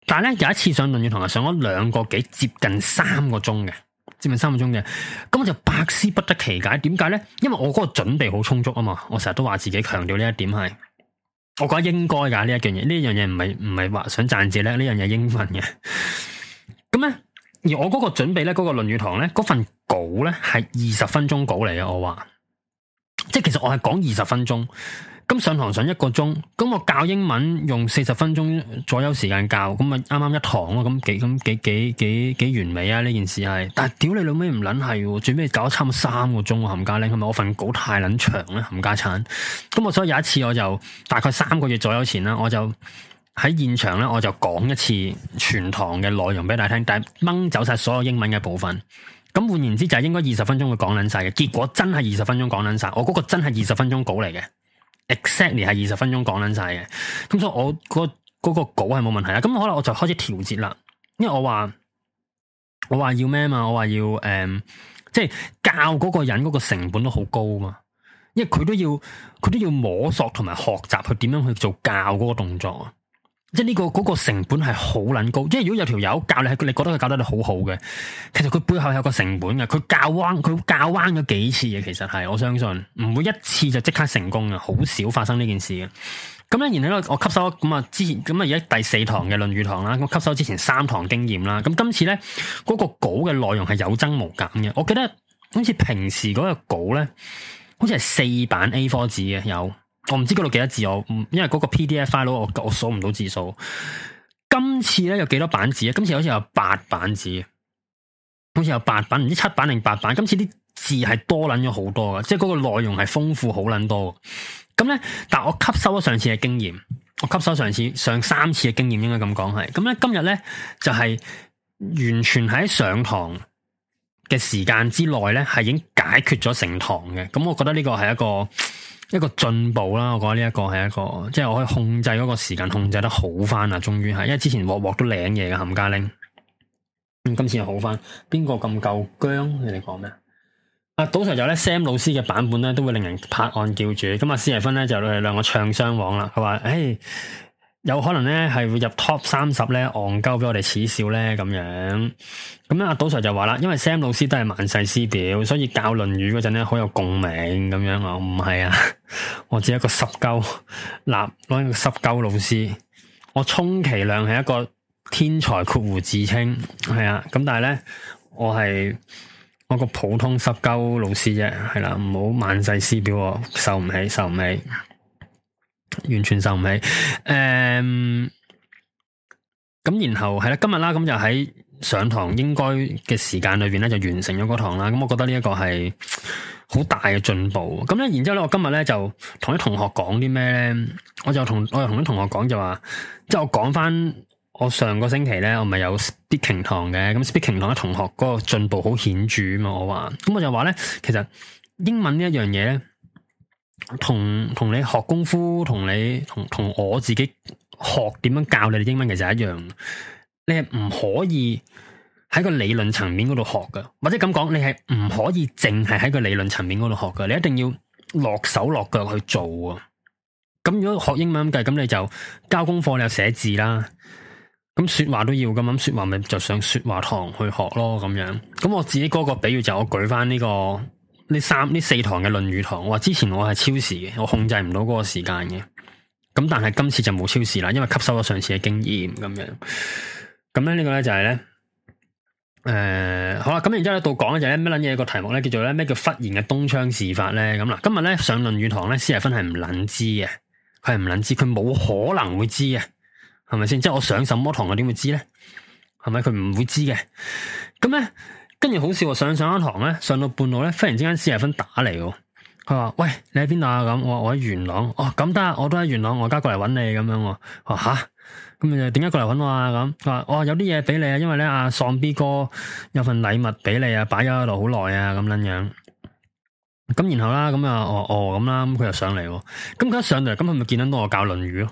但係咧有一次上論語堂係，上咗兩個幾接近三個鐘嘅，接近三個鐘嘅，咁我就百思不得其解，點解咧？因為我嗰個準備好充足啊嘛，我成日都話自己強調呢一點係。我覺得應該噶呢一樣嘢，呢樣嘢唔係唔係話想賺錢咧，呢樣嘢英文嘅。咁咧，而我嗰個準備咧，嗰、嗰個論語堂咧，嗰份稿咧係二十分鐘稿嚟嘅。我話，即係其實我係講二十分鐘。咁上堂上一個鐘，咁我教英文用四十分鐘左右時間教，咁啊啱啱一堂咯，咁幾咁幾幾幾幾完美啊呢件事係，但係屌你老味唔捻係，最尾搞差唔多三個鐘，冚家拎，係咪？我份稿太捻長咧，冚家鏟。咁我所以有一次，我就大概三個月左右前啦，我就喺現場咧，我就講一次全堂嘅內容俾大家聽，但係掹走晒所有英文嘅部分。咁換言之就係應該二十分鐘會講捻晒嘅，結果真係二十分鐘講捻晒，我嗰個真係二十分鐘稿嚟嘅。exactly 係二十分鐘講緊晒嘅，咁所以我嗰嗰個稿係冇問題啦。咁可能我就開始調節啦，因為我話我話要咩啊嘛，我話要誒，即係教嗰個人嗰個成本都好高啊嘛，因為佢都要佢都要摸索同埋學習佢點樣去做教嗰個動作啊。即係、這、呢個、那個成本係好撚高，即係如果有條友教你，佢你覺得佢教得你好好嘅，其實佢背後有個成本嘅，佢教彎佢教彎咗幾次嘅。其實係我相信唔會一次就即刻成功嘅，好少發生呢件事嘅。咁、嗯、咧，然後咧我吸收咁啊、嗯，之前咁啊，而、嗯、家第四堂嘅論語堂啦，我、嗯、吸收之前三堂經驗啦，咁、嗯、今次咧嗰、那個稿嘅內容係有增無減嘅。我記得好似平時嗰個稿咧，好似係四版 A4 紙嘅有。我唔知嗰度幾多字，我唔因為嗰個 PDF file，我我數唔到字數。今次咧有幾多版紙？今次好似有八版紙，好似有八版，唔知七版定八版。今次啲字係多捻咗好多嘅，即係嗰個內容係豐富好捻多。咁咧，但係我吸收咗上次嘅經驗，我吸收上次上三次嘅經驗應該咁講係。咁咧今日咧就係、是、完全喺上堂嘅時間之內咧，係已經解決咗成堂嘅。咁我覺得呢個係一個。一個進步啦，我覺得呢一個係一個，即係我可以控制嗰個時間控制得好返啊！終於係，因為之前鑊鑊都領嘢嘅冚家拎，今次又好返。邊個咁夠僵？你哋講咩啊？啊，早上就咧 Sam 老師嘅版本咧，都會令人拍案叫住。咁啊，史逸芬咧就兩個唱雙簧啦。佢話：，哎。有可能咧係會入 top 三十咧，戇鳩俾我哋恥笑咧咁樣。咁咧阿導 Sir 就話啦，因為 Sam 老師都係萬世師表，所以教論語嗰陣咧好有共鳴咁樣哦。唔係啊，我只係一個濕鳩，立攞一個濕鳩老師，我充其量係一個天才括弧自稱係啊。咁但係咧，我係我個普通濕鳩老師啫，係啦、啊，唔好萬世師表、啊，受唔起，受唔起。完全受唔起，誒、嗯，咁然後係啦、嗯，今日啦，咁、嗯、就喺上堂應該嘅時間裏邊咧，就完成咗個堂啦。咁、嗯、我覺得呢一個係好大嘅進步。咁、嗯、咧，然之後咧，我今日咧就同啲同學講啲咩咧，我就同我又同啲同學講就話，即係我講翻我上個星期咧，我咪有 speaking 堂嘅，咁、嗯、speaking 堂啲同學嗰個進步好顯著啊嘛，我話，咁、嗯、我就話咧，其實英文呢一樣嘢咧。同同你學功夫，你同你同同我自己學點樣教你哋英文，其實一樣。你係唔可以喺個理論層面嗰度學噶，或者咁講，你係唔可以淨係喺個理論層面嗰度學噶，你一定要落手落腳去做啊。咁如果學英文咁計，咁你就交功課，你又寫字啦，咁說話都要咁，說話咪就上說話堂去學咯，咁樣。咁我自己嗰個比喻就我舉翻呢個。呢三呢四堂嘅論語堂，我話之前我係超時嘅，我控制唔到嗰個時間嘅。咁但係今次就冇超時啦，因為吸收咗上次嘅經驗咁樣。咁咧呢個咧就係、是、咧，誒、呃、好啦，咁然之後咧到講咧就係乜捻嘢個題目咧叫做咧咩叫忽然嘅東窗事發咧咁啦。今日咧上論語堂咧，斯亞分係唔捻知嘅，佢係唔捻知，佢冇可能會知嘅，係咪先？即係我上什麼堂佢點會知咧？係咪？佢唔會知嘅。咁咧？跟住好似我上上一堂咧，上到半路咧，忽然之間四十分打嚟，佢話：喂，你喺邊度啊？咁我我喺元朗，哦咁得啊，我都喺元朗，我而家過嚟揾你咁樣，我話吓，咁你點解過嚟揾我啊？咁佢話：我、哦、有啲嘢俾你啊，因為咧阿喪 B 哥有份禮物俾你啊，擺咗喺度好耐啊，咁樣樣。咁然後啦，咁啊，哦哦咁啦，咁佢又上嚟，咁佢一上嚟，咁佢咪見得到我教論語咯？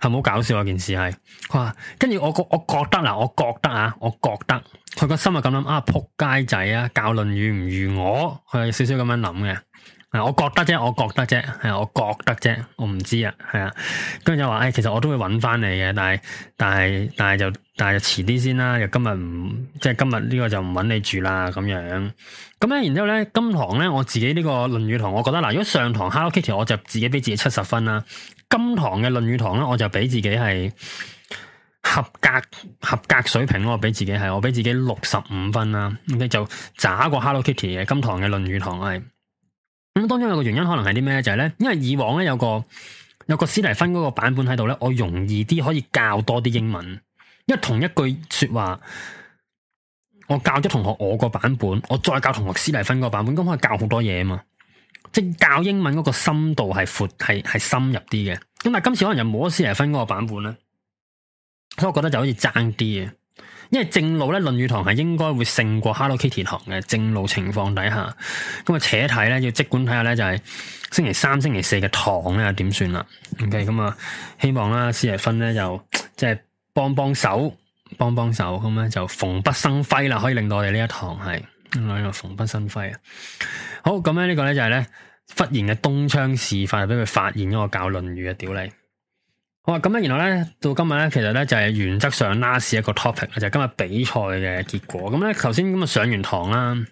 係咪好搞笑啊？件事係，佢跟住我覺，我覺得啦，我覺得啊，我覺得佢個心係咁諗啊，扑街仔啊，教論語唔如我，佢有少少咁樣諗嘅。啊，我覺得啫，我覺得啫，係我覺得啫，我唔知啊，係啊。跟住就話，誒、哎，其實我都會搵翻你嘅，但係但係但係就但係就遲啲先啦，又今日唔即係今日呢個就唔搵你住啦咁樣。咁咧，然之後咧，今堂咧我自己呢個論語堂，我覺得嗱、呃，如果上堂 Hello Kitty，我就自己俾自己七十分啦。金堂嘅論語堂咧，我就俾自己係合格合格水平，我俾自己係，我俾自己六十五分啦、啊。咁就渣過 Hello Kitty 嘅金堂嘅論語堂係。咁、嗯、當中有個原因可能係啲咩咧？就係咧，因為以往咧有個有個斯蒂芬嗰個版本喺度咧，我容易啲可以教多啲英文，因為同一句說話，我教咗同學我個版本，我再教同學斯蒂芬個版本，咁可以教好多嘢啊嘛。即教英文嗰個深度係闊係係深入啲嘅，咁但今次可能又冇咗斯尼芬嗰個版本啦，所以我覺得就好似爭啲嘅，因為正路咧論語堂係應該會勝過 Hello Kitty 堂嘅正路情況底下，咁、嗯、啊且睇咧，要即管睇下咧就係、是、星期三、星期四嘅堂咧點算啦。OK，咁、嗯、啊希望啦斯尼芬咧就即係、就是、幫幫手、幫幫手，咁、嗯、咧就蓬蓽生輝啦，可以令到我哋呢一堂係。咁啊，又逢不生輝啊！好，咁咧，呢個咧就係咧忽然嘅東窗事發，俾佢發現咗個教《論語》嘅屌你！好哇！咁咧，然後咧到今日咧，其實咧就係原則上 last 一個 topic 啦，就係今日比賽嘅結果。咁咧，頭先今日上完堂啦，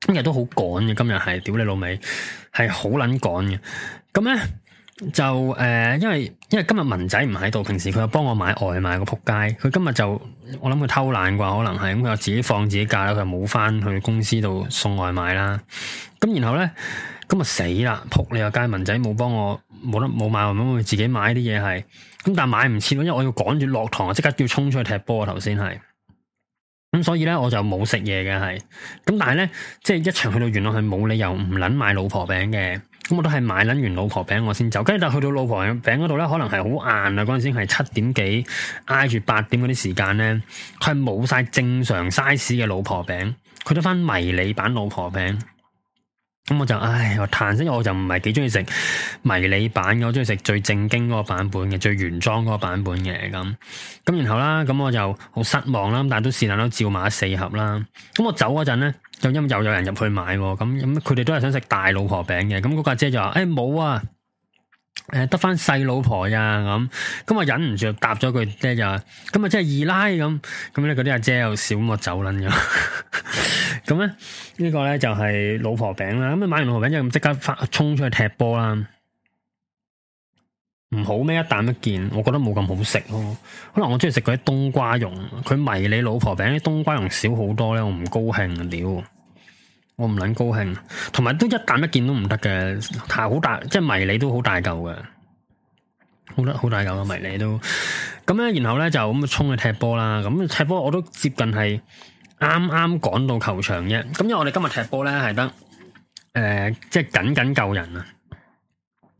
今日都好趕嘅，今日係屌你老味，係好捻趕嘅。咁咧。就誒、呃，因為因為今日文仔唔喺度，平時佢又幫我買外賣個仆街，佢今日就我諗佢偷懶啩，可能係咁，佢自己放自己假啦，佢冇翻去公司度送外賣啦。咁然後咧，今日死啦！仆你個街，文仔冇幫我，冇得冇買，咁佢自己買啲嘢係。咁但係買唔切咯，因為我要趕住落堂，即刻要衝出去踢波頭先係。咁所以咧，我就冇食嘢嘅係。咁但係咧，即係一場去到，原來我係冇理由唔捻買老婆餅嘅。咁我都係買捻完老婆餅我先走，跟住但去到老婆餅嗰度咧，可能係好晏啊！嗰陣時係七點幾挨住八點嗰啲時間咧，佢係冇晒正常 size 嘅老婆餅，佢得翻迷你版老婆餅。咁我就唉，我彈聲我就唔係幾中意食迷你版，我中意食最正經嗰個版本嘅，最原裝嗰個版本嘅咁。咁然後啦，咁我就好失望啦，但係都試下都照買四盒啦。咁我走嗰陣咧。又因又有人入去買，咁咁佢哋都係想食大老婆餅嘅，咁嗰個阿姐就話：誒冇啊，誒得翻細老婆咋。」咁，咁我忍唔住搭咗佢。爹就，咁啊即係二奶咁，咁咧嗰啲阿姐又笑，咁我走撚咗。咁咧 呢、這個咧就係老婆餅啦，咁買完老婆餅就咁即刻發衝出去踢波啦。唔好咩？一啖一件，我覺得冇咁好食咯。可能我中意食嗰啲冬瓜蓉，佢迷你老婆餅啲冬瓜蓉少好多咧，我唔高興屌！我唔捻高興。同埋都一啖一件都唔得嘅，係好大，即係迷你都好大嚿嘅，好得好大嚿嘅迷你都。咁咧，然後咧就咁啊，衝去踢波啦。咁踢波我都接近係啱啱趕到球場啫。咁因為我哋今日踢波咧係得誒、呃，即係緊緊救人啊。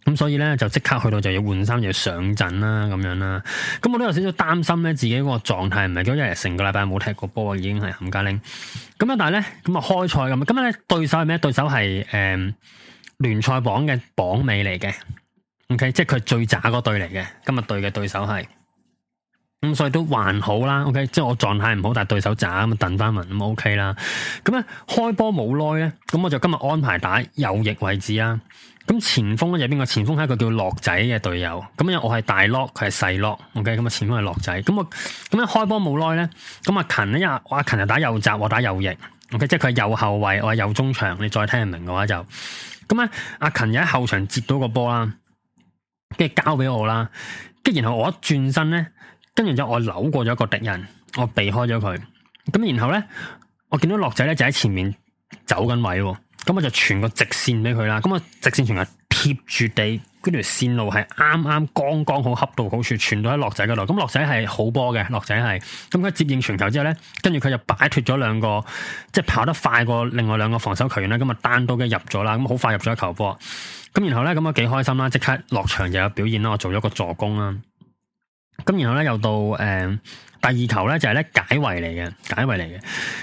咁所以咧就即刻去到就要換衫就要上陣啦咁樣啦，咁我都有少少擔心咧，自己嗰個狀態唔係，因為成個禮拜冇踢過波啊，已經係冚家拎。咁、嗯、啊，但係咧咁啊開賽咁，今日咧對手係咩？對手係誒聯賽榜嘅榜尾嚟嘅，OK，即係佢最渣嗰隊嚟嘅。今日隊嘅對手係，咁所以都還好啦。OK，即係我狀態唔好，但係對手渣咁啊，等翻文咁 OK 啦。咁、嗯、咧開波冇耐咧，咁我就今日安排打右翼位置啊。咁前鋒咧就係邊個？前鋒係一個叫洛仔嘅隊友。咁因為我係大洛，佢係細洛。O K，咁啊前鋒係洛仔。咁我咁一開波冇耐咧，咁阿勤咧阿阿勤又打右閘，我打右翼。O K，即係佢係右後衛，我係右中場。你再聽唔明嘅話就咁啊，阿勤又喺後場接到個波啦，跟住交俾我啦，跟住然後我一轉身咧，跟住就我扭過咗一個敵人，我避開咗佢。咁然後咧，我見到洛仔咧就喺前面走緊位喎。咁我就傳個直線俾佢啦，咁啊直線傳球貼住地，跟住條線路係啱啱剛剛好恰到好處，傳到喺落仔嗰度。咁落仔係好波嘅，落仔係，咁佢接應傳球之後咧，跟住佢就擺脫咗兩個，即係跑得快過另外兩個防守球員啦。咁啊單刀嘅入咗啦，咁好快入咗球波。咁然後咧，咁啊幾開心啦，即刻落場就有表現啦，我做咗個助攻啦。咁然後咧又到誒。呃第二球咧就係、是、咧解圍嚟嘅，解圍嚟嘅，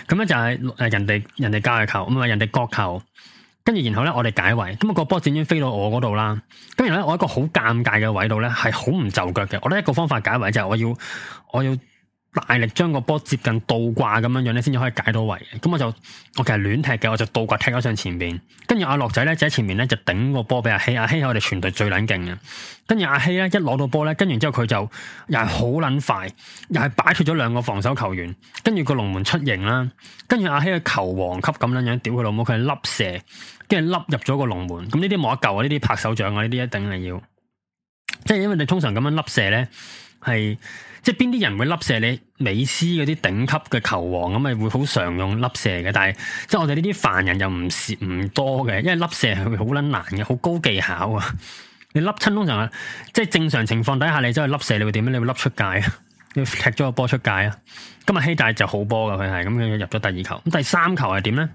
咁咧就係誒人哋、人哋教嘅球，唔係人哋角球，跟住然後咧我哋解圍，咁啊個波已經飛到我嗰度啦，跟住咧我喺一個好尷尬嘅位度咧係好唔就腳嘅，我咧一個方法解圍就係我要我要。我要大力將個波接近倒掛咁樣樣咧，先至可以解到圍。咁我就我其實亂踢嘅，我就倒掛踢咗上前面。跟住阿樂仔咧喺前面咧就頂個波俾阿希。阿希係我哋全隊最撚勁嘅。跟住阿希咧一攞到波咧，跟住之後佢就又係好撚快，又係擺脫咗兩個防守球員。跟住個龍門出營啦，跟住阿希嘅球王級咁樣樣，屌佢老母，佢係笠射，跟住笠入咗個龍門。咁呢啲冇一嚿啊，呢啲拍手掌啊，呢啲一定係要。即係因為你通常咁樣笠射咧，係。即係邊啲人會粒射，你美斯嗰啲頂級嘅球王咁咪會好常用粒射嘅，但係即係我哋呢啲凡人又唔蝕唔多嘅，因為粒射係會好捻難嘅，好高技巧啊！ 你粒親通常即係正常情況底下你走去粒射你會點咧？你會粒出界啊？你會踢咗個波出界啊？ 今日希大就好波噶，佢係咁，佢入咗第二球，咁第三球係點咧？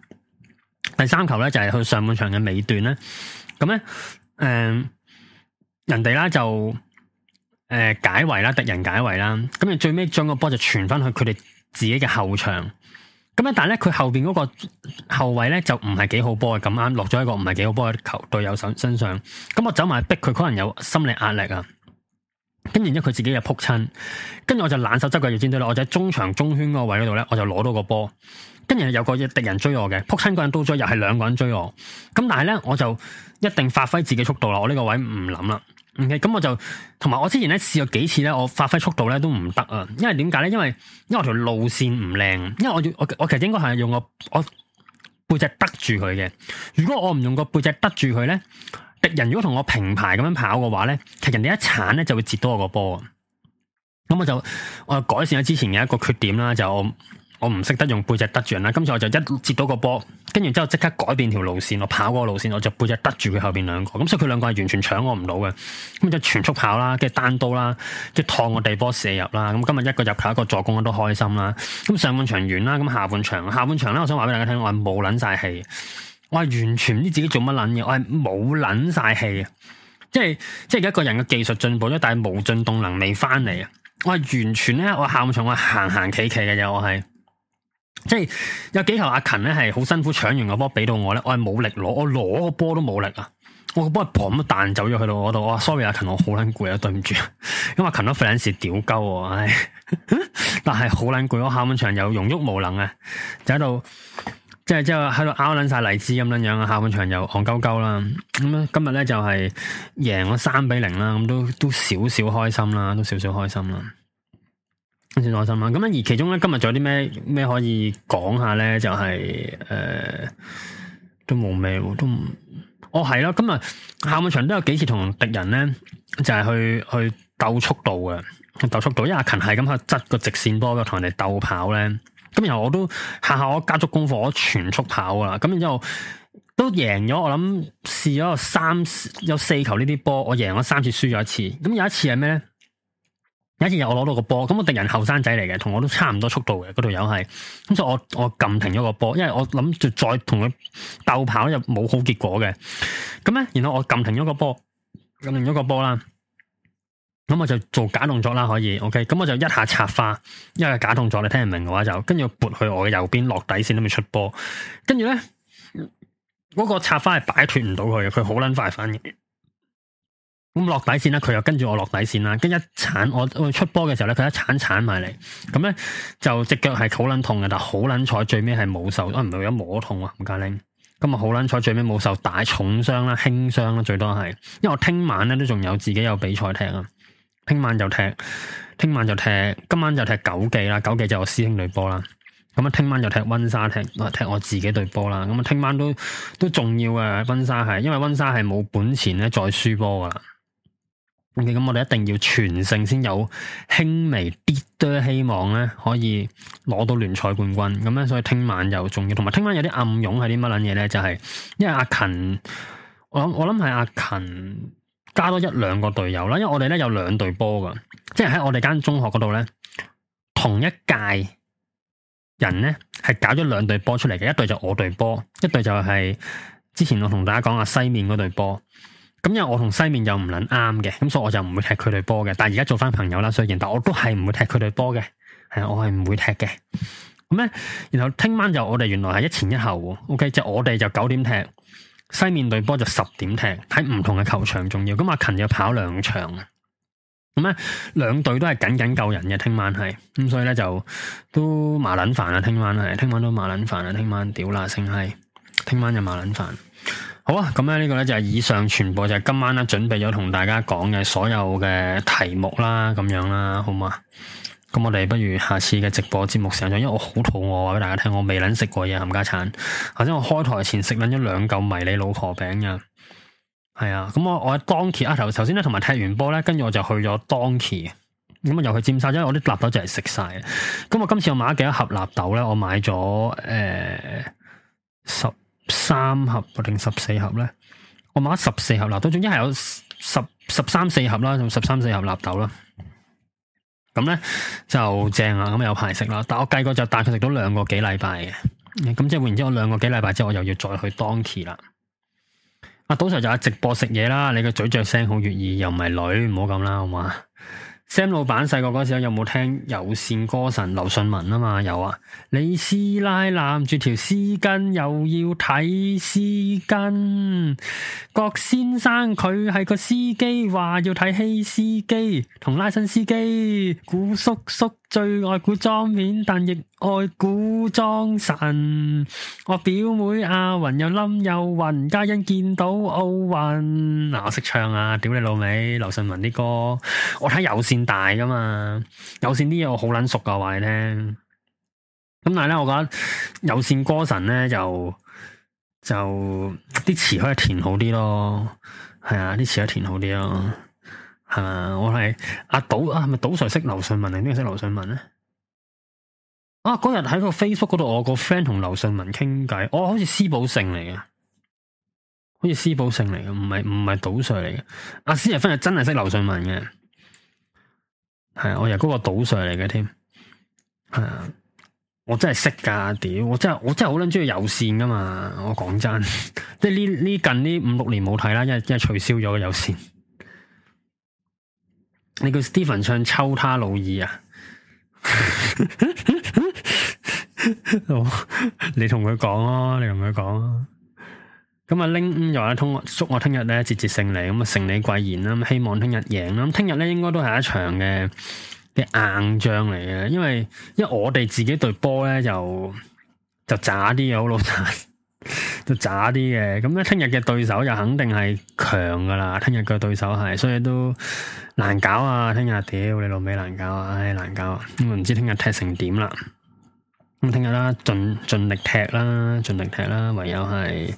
第三球咧就係、是、佢上半場嘅尾段咧，咁咧誒人哋啦就。誒、呃，解圍啦，敵人解圍啦，咁你最尾將個波就傳翻去佢哋自己嘅後場。咁啊，但係咧佢後邊嗰個後衛咧就唔係幾好波嘅，咁啱落咗一個唔係幾好波嘅球隊友身身上，咁我走埋逼佢，可能有心理壓力啊。跟住之後佢自己又撲親，跟住我就冷手執個熱煎堆啦，我就喺中場中圈個位嗰度咧，我就攞到個波。跟住有個敵人追我嘅，撲親嗰陣到咗又係兩個人追我，咁但係咧我就一定發揮自己速度啦，我呢個位唔諗啦。咁我就同埋我之前咧試過幾次咧，我發揮速度咧都唔得啊！因為點解咧？因為因為條路線唔靚，因為我因為我我，我其實應該係用個我，我背脊得住佢嘅。如果我唔用個背脊得住佢咧，敵人如果同我平排咁樣跑嘅話咧，其實人哋一鏟咧就會截到我個波。咁我就我就改善咗之前嘅一個缺點啦，就，我唔識得用背脊得住人啦，今次我就一接到個波，跟住之後即刻改變條路線，我跑嗰個路線，我就背脊得住佢後邊兩個，咁、嗯、所以佢兩個係完全搶我唔到嘅，咁、嗯、就全速跑啦，跟住單刀啦，即係趟我地波射入啦，咁、嗯、今日一個入球一個助攻我都開心啦，咁、嗯、上半場完啦，咁、嗯、下半場下半場咧，我想話俾大家聽，我係冇捻晒氣，我係完全唔知自己做乜捻嘢，我係冇捻晒氣嘅，即係即係一個人嘅技術進步咗，但係冇進動能未翻嚟啊，我係完全咧，我下半場我行行企企嘅啫我係。即係有幾頭阿勤咧係好辛苦搶完個波俾到我咧，我係冇力攞，我攞個波都冇力啊！我個波係磅一彈走咗去到我度，我 sorry 阿勤，我好捻攰啊，對唔住，因為阿勤都費緊事，屌鳩，唉！但係好捻攰，我下半場又庸碌無能啊，就喺度即係即係喺度拗捻晒荔枝咁捻樣啊！下半場又戇鳩鳩啦，咁、嗯、今日咧就係贏咗三比零啦，咁都都少少開心啦，都少少開心啦。先住耐心啦，咁而其中咧，今日仲有啲咩咩可以講下咧？就係、是、誒、呃，都冇咩，都唔哦，係咯。今日下半場都有幾次同敵人咧，就係、是、去去鬥速度嘅，去鬥速度。因為阿勤係咁去執個直線波嘅，同人哋鬥跑咧。咁然後我都下下我加足功課，我全速跑噶啦。咁然之後都贏咗，我諗試咗三有四球呢啲波，我贏咗三次，輸咗一次。咁有一次係咩咧？有一次我攞到個波，咁我敵人後生仔嚟嘅，同我都差唔多速度嘅，嗰條友係，咁所以我我撳停咗個波，因為我諗住再同佢鬥跑又冇好結果嘅，咁咧然後我撳停咗個波，撳停咗個波啦，咁我就做假動作啦，可以，OK，咁我就一下插花，因為假動作你聽唔明嘅話就，就跟住撥去我嘅右邊落底線都未出波，跟住咧嗰個插花係擺脫唔到佢嘅，佢好撚快翻嘅。咁落底綫啦，佢又跟住我落底線啦，跟一鏟我我出波嘅時候咧，佢一鏟鏟埋嚟，咁咧就隻腳係好撚痛嘅，但係好撚彩，最尾係冇受，啊唔係有摸痛啊？冚家拎，咁啊好撚彩，最尾冇受大重傷啦，輕傷啦，最多係，因為我聽晚咧都仲有自己有比賽踢啊，聽晚就踢，聽晚就踢，今晚就踢九記啦，九記就，就我師兄對波啦，咁啊聽晚就踢溫莎踢，踢我自己對波啦，咁啊聽晚都都重要啊，溫莎係，因為溫莎係冇本錢咧再輸波噶啦。咁，我哋一定要全勝先有輕微啲多希望咧，可以攞到聯賽冠軍。咁咧，所以聽晚又重要。同埋聽晚有啲暗湧係啲乜撚嘢咧？就係因為阿勤，我我諗係阿勤加多一兩個隊友啦。因為我哋咧有兩隊波噶，即係喺我哋間中學嗰度咧，同一屆人咧係搞咗兩隊波出嚟嘅，一隊就我隊波，一隊就係之前我同大家講阿西面嗰隊波。咁因為我同西面就唔捻啱嘅，咁所以我就唔會踢佢隊波嘅。但而家做翻朋友啦，雖然，但我都係唔會踢佢隊波嘅。係我係唔會踢嘅。咁咧，然後聽晚就我哋原來係一前一後，OK，即係我哋就九點踢，西面隊波就十點踢，喺唔同嘅球場重要。咁阿勤要跑兩場。咁咧，兩隊都係緊緊救人嘅。聽晚係，咁、嗯、所以咧就都麻捻煩啦。聽晚係，聽晚都麻捻煩啦。聽晚屌啦，剩係聽晚就麻捻煩。好啊，咁咧呢個咧就係以上全部就係今晚咧準備咗同大家講嘅所有嘅題目啦，咁樣啦，好嘛？咁我哋不如下次嘅直播節目上場，因為我好肚餓啊！俾大家聽，我未捻食過嘢冚家鏟，頭先我開台前食捻咗兩嚿迷你老婆餅啊。係啊。咁我我喺當期啊，頭頭先咧同埋踢完波咧，跟住我就去咗當期，咁啊又去佔晒，因為我啲納豆就係食晒。咁我今次我買咗幾多盒納豆咧？我買咗誒、欸、十。三盒定十四盒咧？我買咗十四盒納豆，總之係有十十三四盒啦，仲有十三四盒納豆啦。咁咧就正啊，咁有排食啦。但我計過就大概食咗兩個幾禮拜嘅，咁、嗯、即係換言之，我兩個幾禮拜之後我又要再去當期啦。啊，到時候就喺直播食嘢啦，你個嘴嚼聲好悅耳，又唔係女，唔好咁啦，好嘛？Sam 老闆細個嗰時候有冇聽有線歌神劉順文啊嘛？有啊，李師奶攬住條絲巾又要睇絲巾，郭先生佢係個司機話要睇戲司機同拉新司機，古叔叔。最愛古裝片，但亦愛古裝神。我表妹阿、啊、雲又冧又暈，皆因見到奧運嗱，我識唱啊！屌你老味！劉信文啲歌，我睇有線大噶嘛，有線啲嘢我好捻熟噶，話你聽。咁但係咧，我覺得有線歌神咧就就啲詞可以填好啲咯，係啊，啲詞可以填好啲啊。嗯係啊，uh, 我係阿賭啊，係咪賭 Sir 識劉順文定邊個識劉順文咧？啊，嗰日喺個 Facebook 嗰度，我個 friend 同劉順文傾偈，哦啊，我好似私寶盛嚟嘅，好似私寶盛嚟嘅，唔係唔係賭 Sir 嚟嘅？阿詩亦芬係真係識劉順文嘅，係啊，我又嗰個賭 Sir 嚟嘅添，係啊，我真係識噶，屌，我真我真係好捻中意有綫噶嘛，我講真，即係呢呢近呢五六年冇睇啦，因為因為取消咗嘅有綫。你叫 Steven 唱抽他老二啊？ 你同佢講啊，你同佢講啊。咁啊拎 i n 又話通祝我聽日咧節節勝利，咁啊勝利貴言啦，希望聽日贏啦。咁聽日咧應該都係一場嘅啲硬仗嚟嘅，因為因為我哋自己隊波咧就就渣啲嘅好老壇。都渣啲嘅，咁咧聽日嘅對手就肯定係強噶啦，聽日嘅對手係，所以都難搞啊！聽日屌你老味難搞啊，唉難搞啊！咁啊唔知聽日踢成點啦？咁聽日啦，盡盡力踢啦，盡力踢啦，唯有係。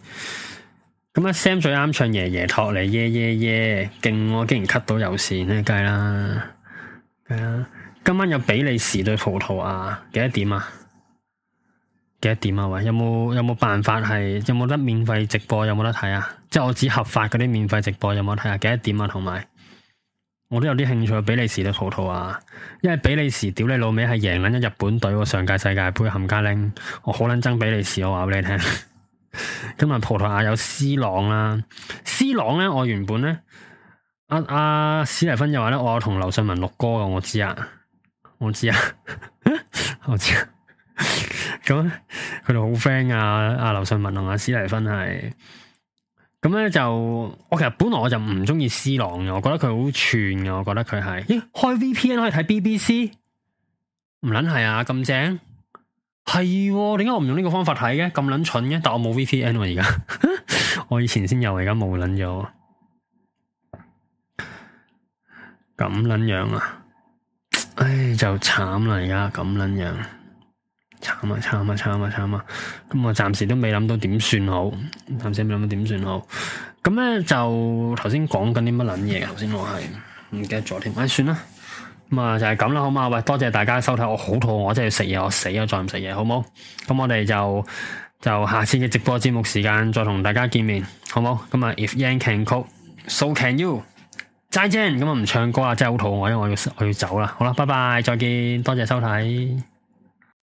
咁啊 Sam 最啱唱爺爺托你耶耶耶，勁我竟然 cut 到有線呢。梗係啦，係啊！今晚有比利時對葡萄牙，幾多點啊？幾多點啊？喂，有冇有冇辦法係有冇得免費直播？有冇得睇啊？即係我指合法嗰啲免費直播有冇得睇啊？幾多點啊？同埋我都有啲興趣啊！比利時對葡萄牙，因為比利時屌你老味係贏緊一日本隊喎，啊，上屆世界杯冚家拎，我好捻憎比利時，我話俾你聽。 今日葡萄牙有 C 朗啦、啊，C 朗咧，我原本咧阿阿史尼芬又話咧，我有同劉信文錄歌噶，我知啊，我知啊，我知啊。 咁佢哋好 friend 啊，阿劉順文同阿史麗芬係，咁咧就我其實本來我就唔鍾意斯郎嘅，我覺得佢好串嘅，我覺得佢係，咦開 VPN 可以睇 BBC，唔撚係啊，咁正係，點解、啊、我唔用呢個方法睇嘅？咁撚蠢嘅，但我冇 VPN 啊而家，我以前先有，而家冇撚咗，咁撚樣啊？唉，就慘啦，而家咁撚樣。慘啊，慘啊，慘啊，慘啊！咁我暫時都未諗到點算好，暫時未諗到點算好。咁、嗯、咧就頭先講緊啲乜捻嘢，頭先、啊、我係唔記得咗添。哎，算啦，咁、嗯、啊就係咁啦，好嘛？喂，多謝大家收睇，我好肚餓，我真係要食嘢，我死啊！我再唔食嘢好冇？咁、嗯、我哋就就下次嘅直播節目時間再同大家見面，好冇？咁啊，If Yan Can Cook, So Can You, Jane。咁啊唔唱歌啊，真係好肚餓，因為我要我要，我要走啦。好啦，拜拜，再見，多謝收睇。